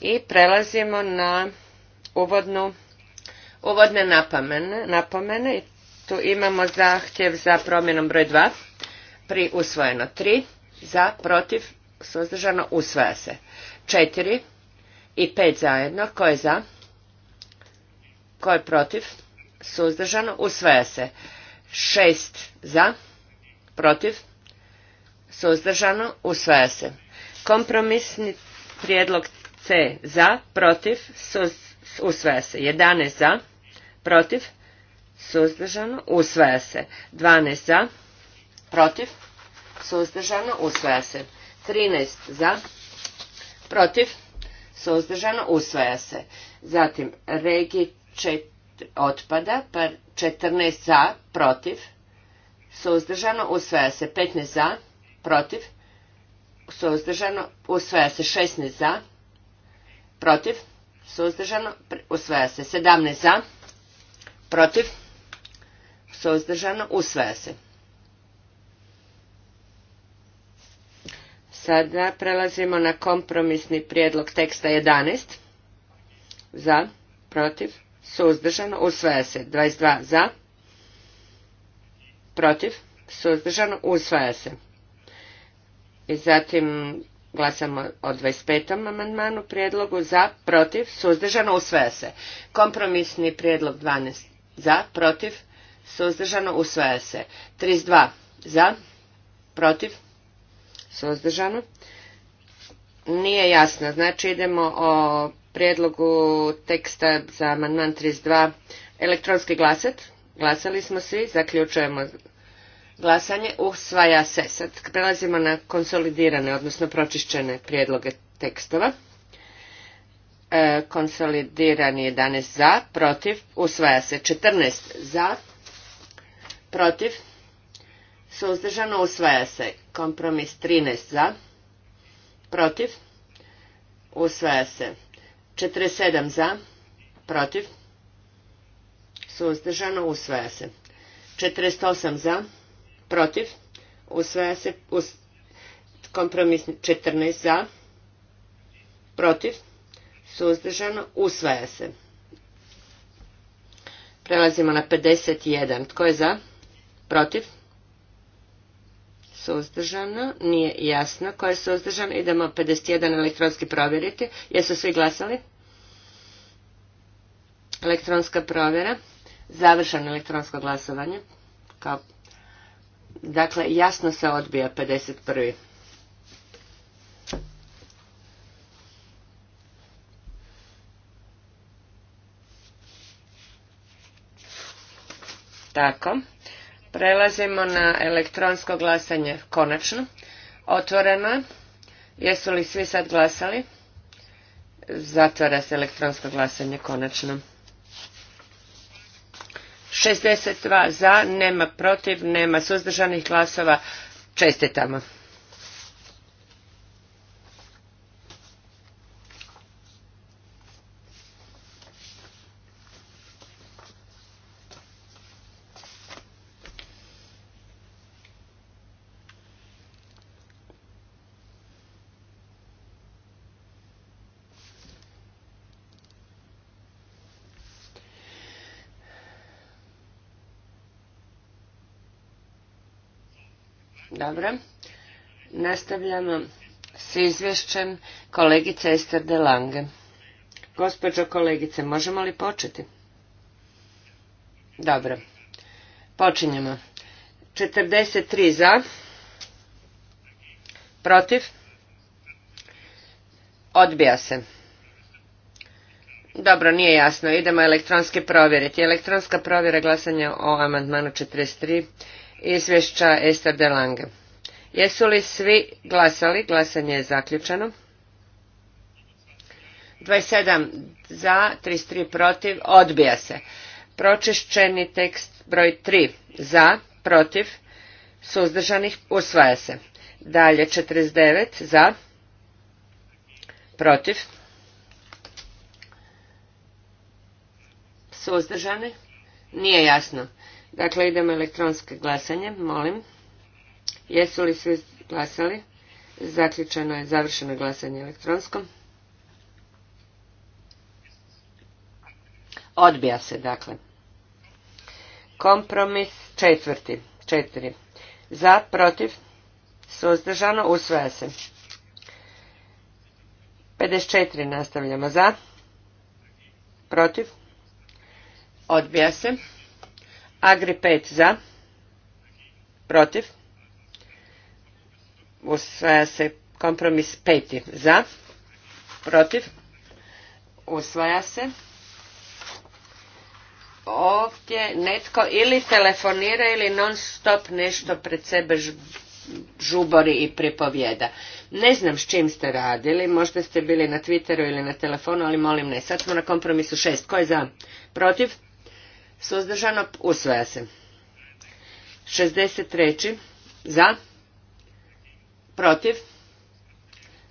I prelazimo na uvodnu, uvodne napomene, napomene. Tu imamo zahtjev za promjenom broj 2, pri usvojeno 3, za, protiv, suzdržano, usvaja se. 4 i 5 zajedno, ko je za, ko je protiv, suzdržano, usvaja se. 6 za, protiv, suzdržano, usvaja se. Kompromisni prijedlog C za, protiv, usvaja se. 11 za, protiv, suzdržano, usvaja se. 12 za, protiv, suzdržano, usvaja se. 13 za, protiv, suzdržano, usvaja se. Zatim, regi otpada, pa 14 za, protiv, suzdržano, usvaja se 15 za, protiv, suzdržano, usvaja se 16 za, protiv, suzdržano, usvaja se 17 za, protiv, suzdržano, usvaja se. Sada prelazimo na kompromisni prijedlog teksta 11. Za, protiv, suzdržano, usvaja se. 22 za, protiv, suzdržano, usvaja se. I zatim glasamo o 25. amandmanu prijedlogu za, protiv, suzdržano, usvaja se. Kompromisni prijedlog 12 za, protiv, suzdržano, usvaja se. 32 za, protiv, suzdržano. Nije jasno, znači idemo o prijedlogu teksta za amandman 32 elektronski glasat. Glasali smo svi, zaključujemo glasanje, usvaja se. Sad prelazimo na konsolidirane, odnosno pročišćene prijedloge tekstova. Konsolidiran e, konsolidirani 11 za, protiv, usvaja se 14 za, protiv, suzdržano usvaja se. Kompromis 13 za, protiv, usvaja se. 47 za, protiv, suzdržano, usvaja se. 48 za, protiv, usvaja se, kompromisni, kompromis 14 za, protiv, suzdržano, usvaja se. Prelazimo na 51. Tko je za? Protiv? suzdržano, nije jasno ko je suzdržan, idemo 51 elektronski provjeriti, jesu svi glasali? Elektronska provjera, završeno elektronsko glasovanje, kao, dakle jasno se odbija 51. Tako. Prelazimo na elektronsko glasanje konačno. Otvoreno je. Jesu li svi sad glasali? Zatvara se elektronsko glasanje konačno. 62 za, nema protiv, nema suzdržanih glasova. Čestitamo. Dobro. Nastavljamo s izvješćem kolegice Ester de Lange. Gospođo kolegice, možemo li početi? Dobro. Počinjemo. 43 za. Protiv. Odbija se. Dobro, nije jasno. Idemo elektronski provjeriti. Elektronska provjera glasanja o amandmanu 43 izvješća Ester de Lange. Jesu li svi glasali? Glasanje je zaključeno. 27 za, 33 protiv, odbija se. Pročišćeni tekst broj 3 za, protiv, suzdržanih, usvaja se. Dalje 49 za, protiv, suzdržani, nije jasno. Dakle, idemo elektronske glasanje, molim. Jesu li svi glasali? Zaključeno je završeno glasanje elektronskom. Odbija se, dakle. Kompromis četvrti. Četiri. Za, protiv, suzdržano, usvaja se. 54 nastavljamo za, protiv, odbija se. Agri Pet za. Protiv. Usvaja se kompromis peti za. Protiv. Usvaja se. Ovdje netko ili telefonira ili non stop nešto pred sebe žubori i pripovjeda. Ne znam s čim ste radili, možda ste bili na Twitteru ili na telefonu, ali molim ne. Sad smo na kompromisu šest. Ko je za? Protiv? Suzdržano usvaja se. 63. Za. Protiv.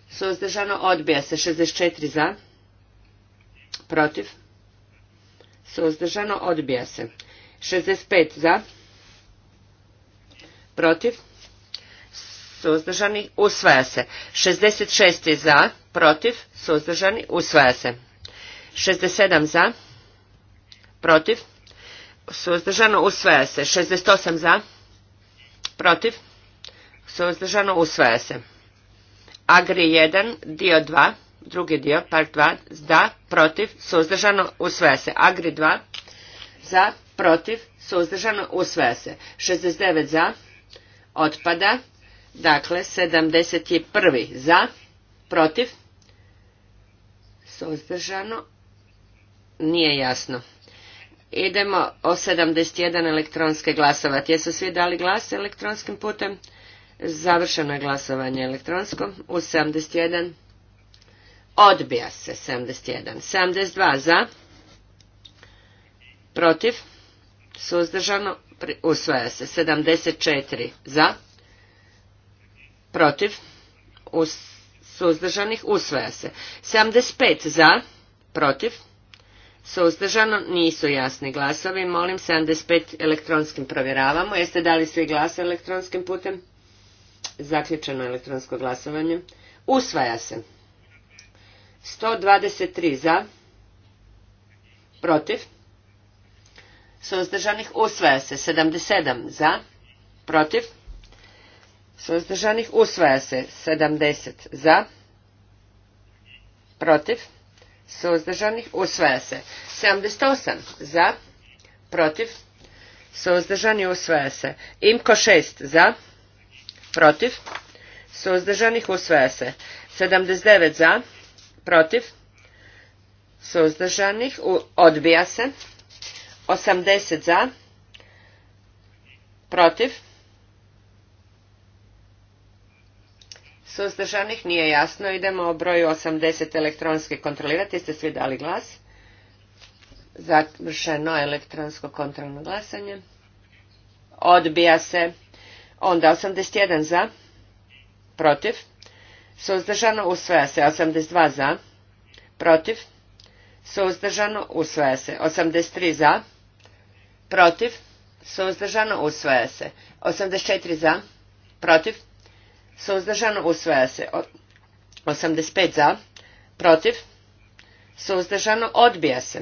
Suzdržano odbija se. 64. Za. Protiv. Suzdržano odbija se. 65. Za. Protiv. Suzdržani usvaja se. 66. Za. Protiv. Suzdržani usvaja se. 67. Za. Protiv Suzdržano usvaja se. 68 za. Protiv. Suzdržano usvaja se. Agri 1, dio 2, drugi dio, part 2, za, protiv, suzdržano, usvaja se. Agri 2, za, protiv, suzdržano, usvaja se. 69 za, otpada, dakle 71 za, protiv, suzdržano, nije jasno. Idemo o 71 elektronske glasovati. Jesu svi dali glas elektronskim putem? Završeno je glasovanje elektronsko. U 71. Odbija se 71. 72 za. Protiv. Suzdržano. Usvaja se. 74 za. Protiv. Us, suzdržanih. Usvaja se. 75 za. Protiv Suzdržano nisu jasni glasovi. Molim 75 elektronskim provjeravamo. Jeste dali svi glas elektronskim putem? Zaključeno elektronsko glasovanje. Usvaja se. 123 za. Protiv. Suzdržanih usvaja se. 77 za. Protiv. Suzdržanih usvaja se. 70 za. Protiv suzdržanih, usvaja se. 78 za, protiv, suzdržani, usvaja se. Imko 6 za, protiv, suzdržanih, usvaja se. 79 za, protiv, suzdržanih, odbija se. 80 za, protiv, Suzdržanih nije jasno. Idemo o broju 80 elektronski kontrolirati. ste svi dali glas? Završeno elektronsko kontrolno glasanje. Odbija se. Onda 81 za. Protiv. Suzdržano usvaja se. 82 za. Protiv. Suzdržano usvaja se. 83 za. Protiv. Suzdržano usvaja se. 84 za. Protiv. Suzdržano usvaja se. 85 za. Protiv. Suzdržano odbija se.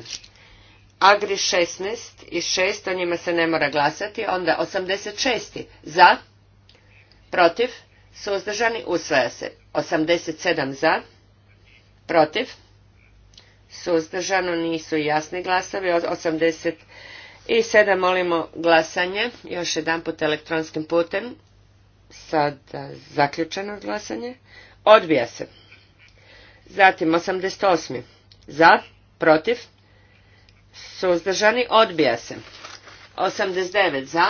Agri 16 i 6, o njima se ne mora glasati. Onda 86 za. Protiv. Suzdržani usvaja se. 87 za. Protiv. Suzdržano nisu jasni glasovi. 87 molimo glasanje. Još jedan put elektronskim putem. Sada zaključeno glasanje. Odbija se. Zatim 88. Za, protiv, suzdržani, odbija se. 89 za,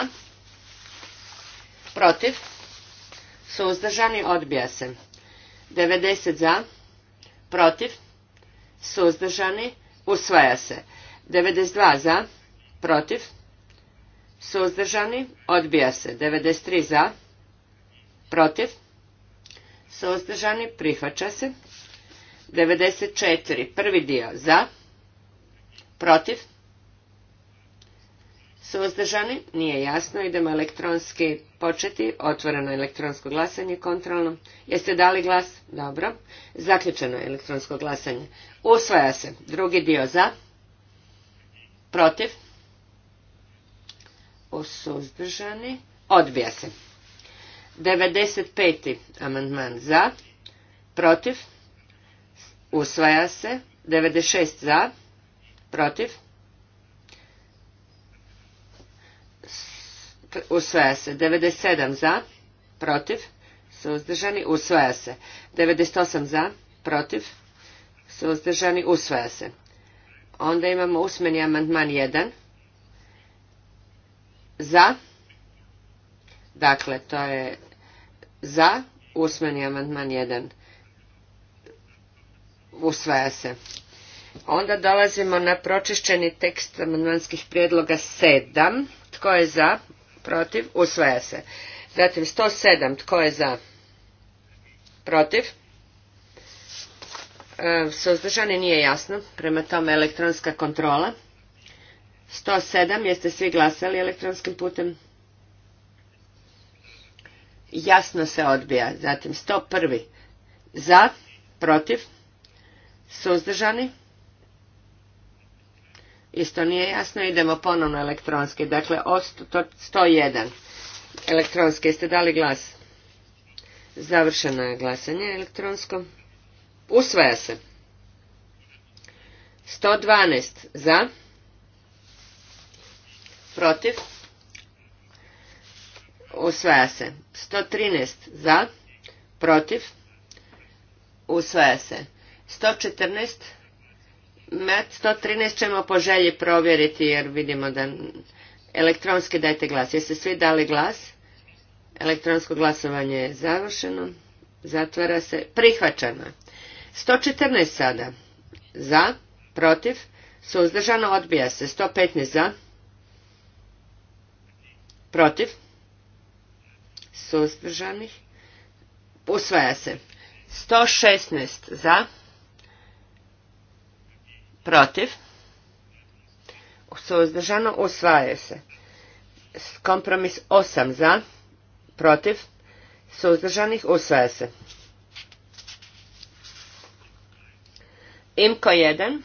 protiv, suzdržani, odbija se. 90 za, protiv, suzdržani, usvaja se. 92 za, protiv, suzdržani, odbija se. 93 za, protiv, suzdržani, prihvaća se. 94. Prvi dio za, protiv, suzdržani, nije jasno, idemo elektronski početi, otvoreno elektronsko glasanje kontrolno. Jeste dali glas? Dobro. Zaključeno je elektronsko glasanje. Usvaja se. Drugi dio za, protiv, suzdržani, odbija se. 95. amandman za, protiv, usvaja se, 96 za, protiv, usvaja se, 97 za, protiv, suzdržani, usvaja se, 98 za, protiv, suzdržani, usvaja se. Onda imamo usmeni amandman 1, za, dakle, to je za usmeni amandman 1. Usvaja se. Onda dolazimo na pročišćeni tekst amandmanskih prijedloga 7. Tko je za? Protiv? Usvaja se. Zatim 107. Tko je za? Protiv? E, suzdržani nije jasno. Prema tome elektronska kontrola. 107. Jeste svi glasali elektronskim putem? jasno se odbija. Zatim 101. Za, protiv, suzdržani. Isto nije jasno, idemo ponovno elektronski. Dakle, 101. Elektronski, Jeste dali glas? Završeno je glasanje elektronsko. Usvaja se. 112 za, protiv, usvaja se. 113 za, protiv, usvaja se. 114, 113 ćemo po želji provjeriti jer vidimo da elektronski dajte glas. Jeste svi dali glas? Elektronsko glasovanje je završeno. Zatvara se. Prihvaćano. 114 sada. Za, protiv, suzdržano odbija se. 115 za, protiv, suzdržanih, usvaja se. 116 za, protiv, suzdržano, usvaja se. Kompromis 8 za, protiv, suzdržanih, usvaja se. Imko 1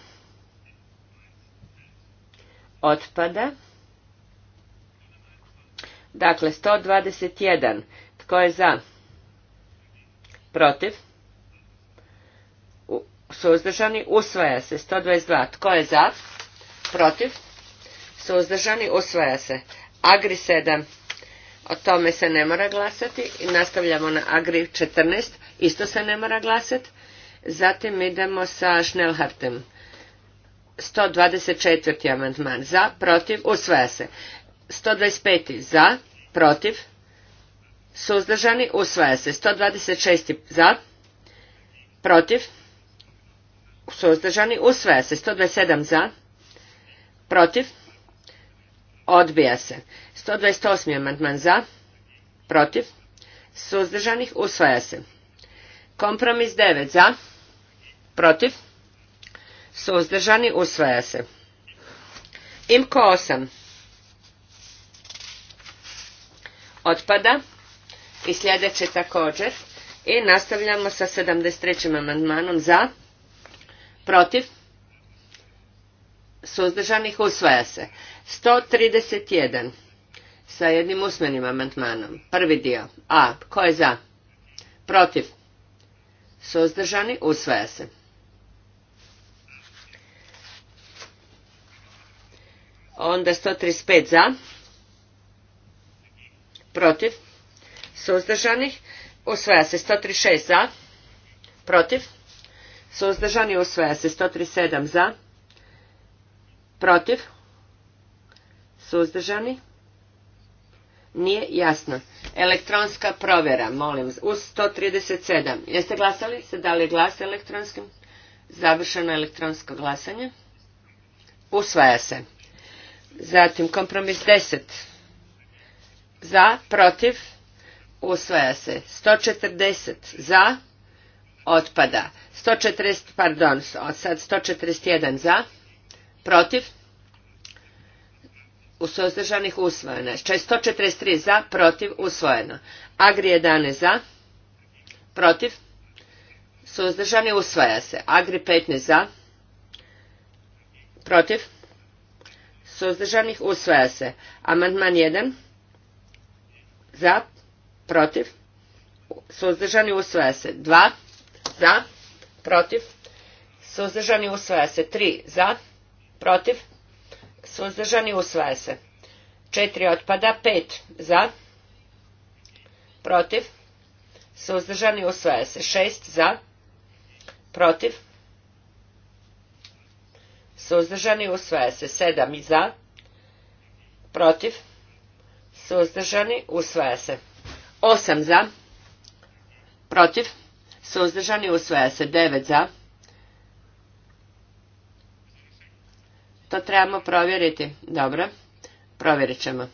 otpada. Dakle, 121. Tko je za? Protiv? Suzdržani? Usvaja se. 122. Tko je za? Protiv? Suzdržani? Usvaja se. Agri 7. O tome se ne mora glasati. I nastavljamo na Agri 14. Isto se ne mora glasati. Zatim idemo sa Schnellhartem. 124. amandman. Za, protiv, usvaja se. 125. za, protiv, suzdržani, usvaja se. 126. za, protiv, suzdržani, usvaja se. 127. za, protiv, odbija se. 128. amandman za, protiv, suzdržanih, usvaja se. Kompromis 9 za, protiv, suzdržani, usvaja se. Imko 8 otpada i sljedeće također. I nastavljamo sa 73. amandmanom za, protiv, suzdržanih usvaja se. 131 sa jednim usmenim amandmanom. Prvi dio. A. Ko je za? Protiv. Suzdržani usvaja se. Onda 135 za protiv, suzdržanih, usvaja se 136 za, protiv, suzdržani, usvaja se 137 za, protiv, suzdržani, nije jasno. Elektronska provjera, molim, uz 137. Jeste glasali? da dali glas elektronskim? Završeno elektronsko glasanje. Usvaja se. Zatim kompromis 10. Za, protiv, usvaja se. 140 za, otpada. 140, pardon, od sad 141 za, protiv, u suzdržanih usvojeno. 143 za, protiv, usvojeno. Agri 11 za, protiv, suzdržani usvaja se. Agri 15 za, protiv, suzdržanih usvaja se. Amandman 1 za, protiv, suzdržani usvaja se 2, za, protiv, suzdržani usvaja se 3, za, protiv, suzdržani usvaja se 4 otpada, 5 za, protiv, suzdržani usvaja se 6 za, protiv, suzdržani usvaja se 7 za, protiv, suzdržani, usvaja se. Osam za, protiv, suzdržani, usvaja se. Devet za, to trebamo provjeriti. Dobro, provjerit ćemo.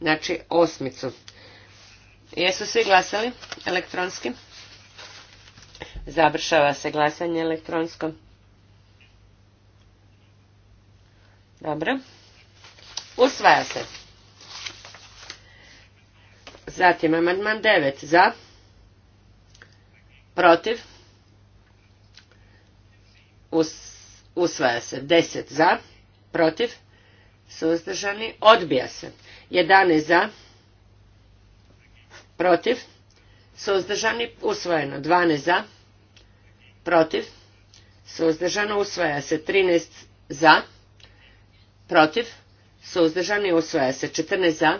Znači, osmicu. Jesu svi glasali elektronski? Završava se glasanje elektronskom. Dobro. Usvaja se. Zatim amandman 9 za, protiv, usvaja se. 10 za, protiv, suzdržani, odbija se. 11 za, protiv, suzdržani, usvojeno. 12 za, protiv, suzdržano, usvaja se. 13 za, protiv, suzdržani, usvaja se. 14 za,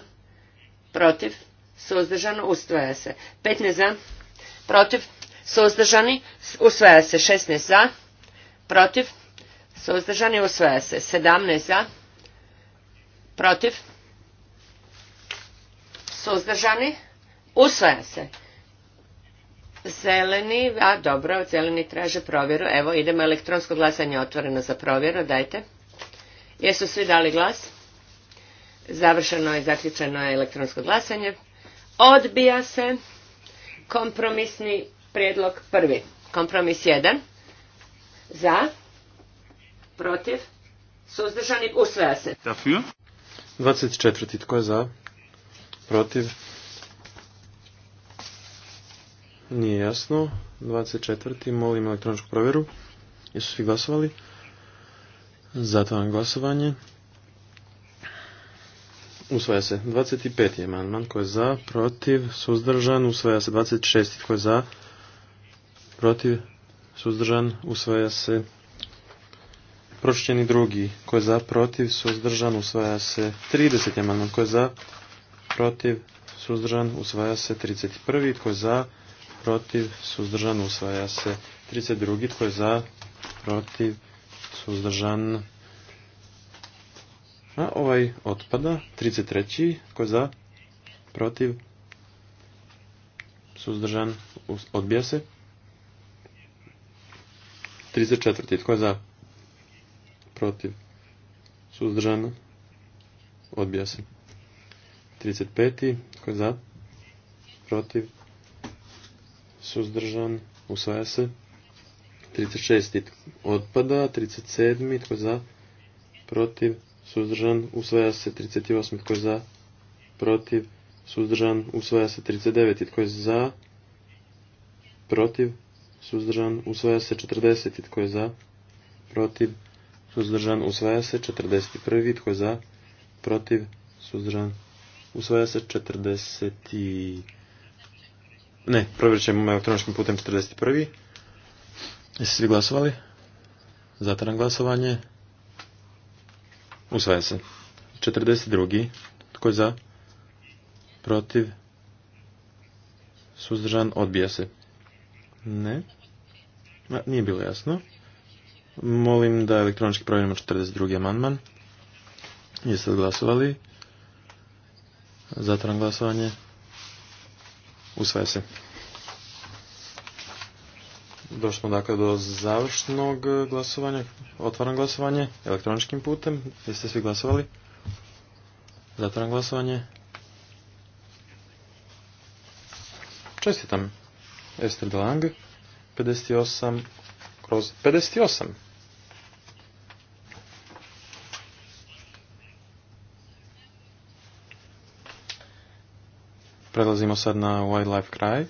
protiv, suzdržano, usvaja se. 15 za, protiv, suzdržani, usvaja se. 16 za, protiv, suzdržani, usvaja se. 17 za, protiv, suzdržani, usvaja se. Zeleni, a dobro, zeleni traže provjeru. Evo, idemo elektronsko glasanje otvoreno za provjeru, dajte. Jesu svi dali glas? Završeno je, zaključeno je elektronsko glasanje. Odbija se kompromisni prijedlog prvi. Kompromis jedan. Za. Protiv. Suzdržani. Usvaja se. Dafür. 24. Tko je za? Protiv. Nije jasno. 24. Molim elektroničku provjeru. Jesu svi glasovali? vam glasovanje. Usvaja se. 25. je amandman. Tko je za? Protiv? Suzdržan? Usvaja se. 26. Tko je za? Protiv? Suzdržan? Usvaja se. Pročićeni drugi. Tko je za? Protiv? Suzdržan? Usvaja se. 30. amandman. Tko je za? Protiv? Suzdržan? Usvaja se. 31. Tko je za? Protiv? Suzdržan? Usvaja se. 32. Tko je za? Protiv? Suzdržan? A ovaj otpada, 33. Tko je za? Protiv? Suzdržan? Odbija se? 34. Tko je za? Protiv? Suzdržan? Odbija se. 35. Tko je za? Protiv? Suzdržan? Usvaja se. 36. Otpada. 37. Tko je za? Protiv? suzdržan, usvaja se 38. Tko je za? Protiv, suzdržan, usvaja se 39. Tko je za? Protiv, suzdržan, usvaja se 40. Tko je za? Protiv, suzdržan, usvaja se 41. Tko je za? Protiv, suzdržan, usvaja se 40. I... Ne, provjerit ćemo elektroničkim putem 41. Jeste svi glasovali? Zatran glasovanje. Usvaja se. 42. Tko je za? Protiv? Suzdržan? Odbija se. Ne. nije bilo jasno. Molim da elektronički provjerimo 42. amandman. Jeste glasovali? Zatvaram glasovanje. Usvaja se. Došli smo dakle do završnog glasovanja, otvaram glasovanje elektroničkim putem. Jeste svi glasovali? Zatvaram glasovanje. Čestitam. Ester pedeset 58 kroz 58. Prelazimo sad na Wildlife Cry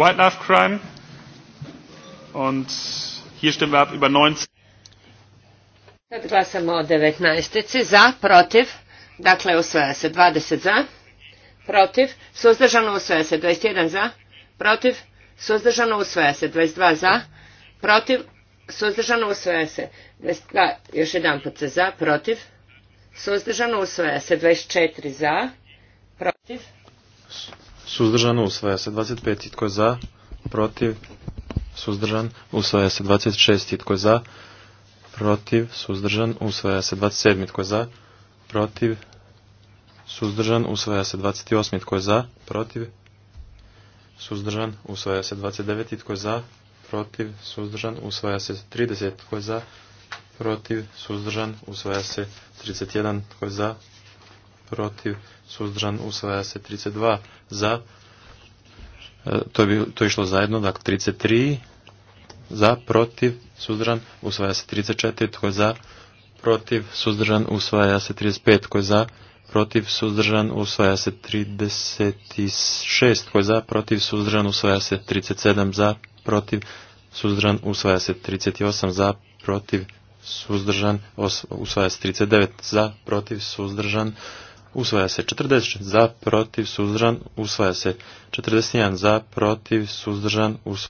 Wildlife Crime. Und hier stimmen wir ab über 19. Sad glasamo o 19. Za, protiv, dakle usvaja se 20 za, protiv, suzdržano usvaja se 21 za, protiv, suzdržano usvaja se 22 za, protiv, suzdržano usvaja se 22, još jedan put se za, protiv, suzdržano usvaja se 24 za, protiv, Suzdržan, usvaja se 25. Tko za? Protiv? Suzdržan? Usvaja se 26. Tko za? Protiv? Suzdržan? Usvaja se 27. Tko za? Protiv? Suzdržan? Usvaja se 28. Tko je za? Protiv? Suzdržan? Usvaja se 29. Tko za? Protiv? Suzdržan? Usvaja se 30. Tko je za? Protiv? Suzdržan? Usvaja se 31. Tko je za? Protiv? suzdržan, usvaja se 32 za, e, to je, to je išlo zajedno, dakle 33 za, protiv, suzdržan, usvaja se 34, tko je za, protiv, suzdržan, usvaja se 35, tko je za, protiv, suzdržan, usvaja se 36, tko je za, protiv, suzdržan, usvaja se 37, za, protiv, suzdržan, usvaja se 38, za, protiv, suzdržan, usvaja se 39, za, protiv, suzdržan, usvaja se 40 za, protiv, suzdržan, usvaja se 41 za, protiv, suzdržan, usvaja se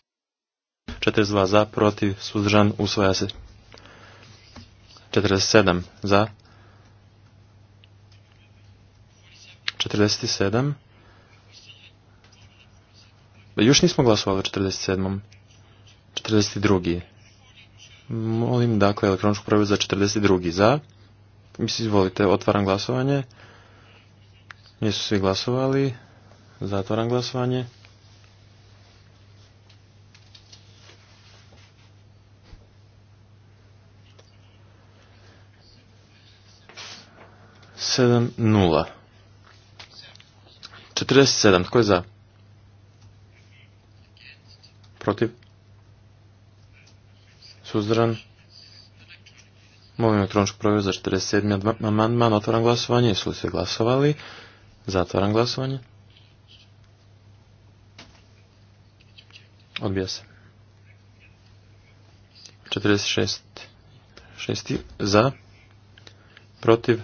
42 za, protiv, suzdržan, usvaja se 47 za, 47 još nismo glasovali o 47. 42. Molim dakle elektroničku provjeru za 42. za. Mislim, izvolite, otvaram glasovanje. Jesu svi glasovali? Zatvaram glasovanje. Sedam nula. Četrdeset sedam. Tko je za? Protiv? Suzdran? Molim elektroničku provjeru za 47. amandman. Otvaram glasovanje. Jesu li se glasovali? Zatvaram glasovanje. Odbija se. 46. Šesti za. Protiv.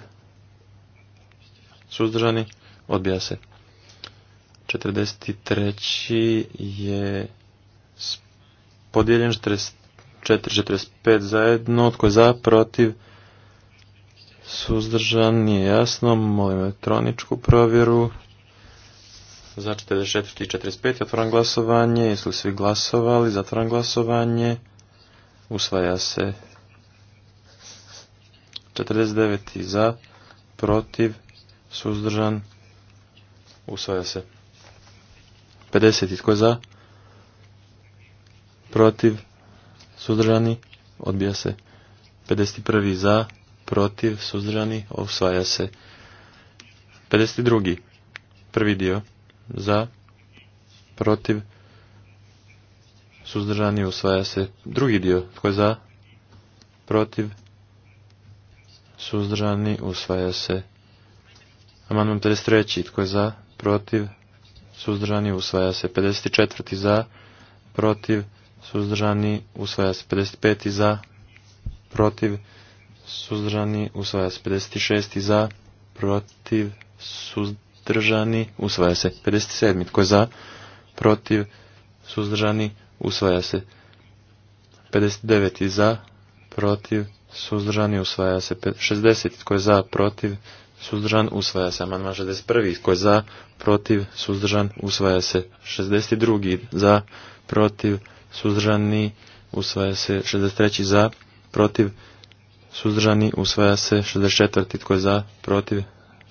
Suzdržani. Odbija se. 43. je podijeljen. 44. 45 zajedno. Tko je za? Protiv suzdržan, nije jasno, molim elektroničku provjeru. Za 44 i 45 otvoram glasovanje, jesu li svi glasovali, zatvoram glasovanje, usvaja se 49 za, protiv, suzdržan, usvaja se 50 tko za, protiv, suzdržani, odbija se 51 za, protiv, suzdržani, usvaja se. 52. Prvi dio, za, protiv, suzdržani, usvaja se. Drugi dio, tko je za, protiv, suzdržani, usvaja se. Amandman 53. Tko je za, protiv, suzdržani, usvaja se. 54. za, protiv, suzdržani, usvaja se. 55. za, protiv, suzdržani, usvaja se 56. za, protiv, suzdržani, usvaja se 57. Tko je za, protiv, suzdržani, usvaja se 59. za, protiv, suzdržani, usvaja se 60. Tko je za, protiv, suzdržan, usvaja se amandman 61. Tko je za, protiv, suzdržan, usvaja se 62. za, protiv, suzdržani, usvaja se 63. za, protiv, suzdržani, usvaja se 64. Tko je za, protiv,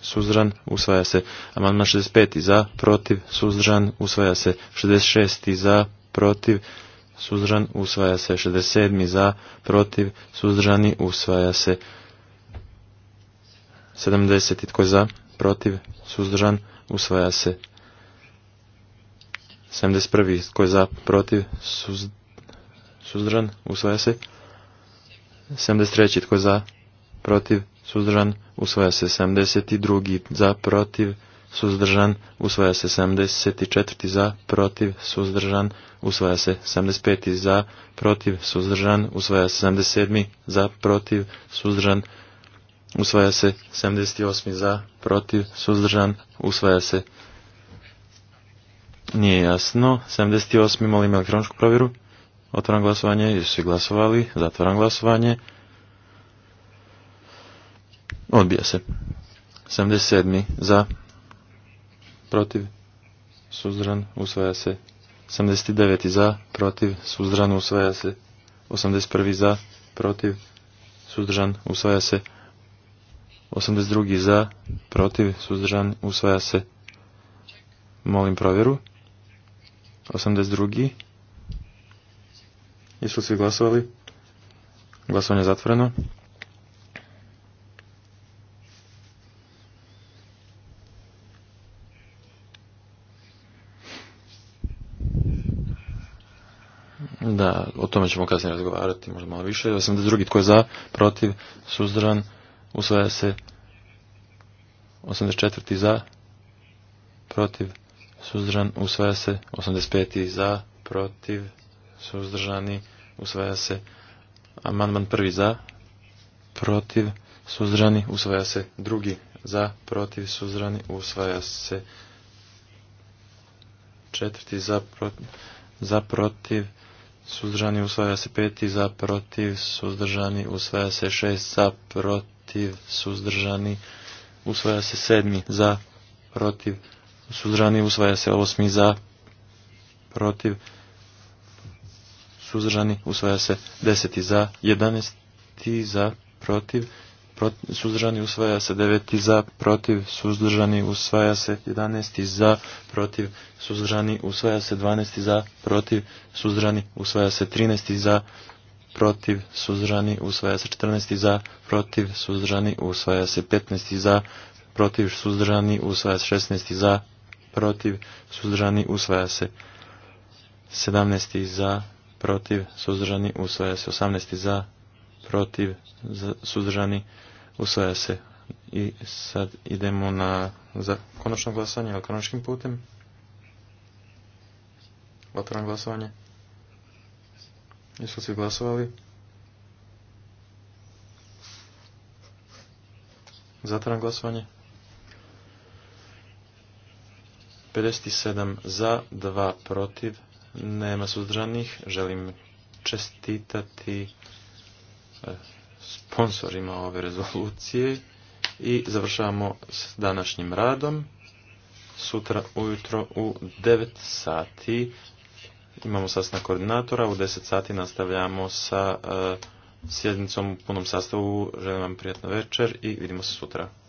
suzdržan, usvaja se. Amandman 65. Za, protiv, suzdržan, usvaja se. 66. Za, protiv, suzdržan, usvaja se. 67. Za, protiv, suzdržani, usvaja se. 70. Tko je za, protiv, suzdržan, usvaja se. 71. Tko je za, protiv, suzdržan, usvaja se. 73. Tko za? Protiv? Suzdržan? Usvaja se 72. Za? Protiv? Suzdržan? Usvaja se 74. Za? Protiv? Suzdržan? Usvaja se 75. Za? Protiv? Suzdržan? Usvaja se 77. Za? Protiv? Suzdržan? Usvaja se 78. Za? Protiv? Suzdržan? Usvaja se nije jasno. 78. molim elektroničku provjeru. Otvaram glasovanje. Jesu svi glasovali? Zatvaram glasovanje. Odbija se. 77. Za. Protiv. Suzdran. Usvaja se. 79. Za. Protiv. Suzdran. Usvaja se. 81. Za. Protiv. Suzdržan. Usvaja se. 82. Za. Protiv. Suzdržan. Usvaja se. Molim provjeru. 82. Jesu svi glasovali? Glasovanje je zatvoreno. Da, o tome ćemo kasnije razgovarati, možda malo više. 82. tko je za, protiv, suzdržan, usvaja se 84. za, protiv, suzdržan, usvaja se 85. za, protiv, suzdržani, usvaja se. Amandman prvi za, protiv, suzdrani, usvaja se. Drugi za, protiv, suzdrani, usvaja se. Četvrti za, protiv, za, protiv, suzdržani, usvaja se. Peti za, protiv, suzdržani, usvaja se. Šest za, protiv, suzdržani, usvaja se. Sedmi za, protiv, suzdržani, usvaja se. Osmi za, protiv, suzdržani, usvaja se 10 za, 11 za, protiv, protiv suzdržani, usvaja se 9 za, protiv, suzdržani, usvaja se 11 za, protiv, suzdržani, usvaja se 12 za, protiv, suzdržani, usvaja se 13 za, protiv, suzdržani, usvaja se 14 za, protiv, suzdržani, usvaja se 15 za, protiv, suzdržani, usvaja se 16 za, protiv, suzdržani, usvaja se 17 za, protiv, suzdržani, usvaja se. 18. za, protiv, suzdržani, usvaja se. I sad idemo na konačno glasovanje elektroničkim putem. Otvaram glasovanje. Jesu svi glasovali? Zatvaram glasovanje. 57 za, 2 protiv, nema suzdržanih. Želim čestitati e, sponsorima ove rezolucije i završavamo s današnjim radom. Sutra ujutro u 9 sati imamo sastanak koordinatora, u 10 sati nastavljamo sa e, sjednicom u punom sastavu. Želim vam prijatno večer i vidimo se sutra.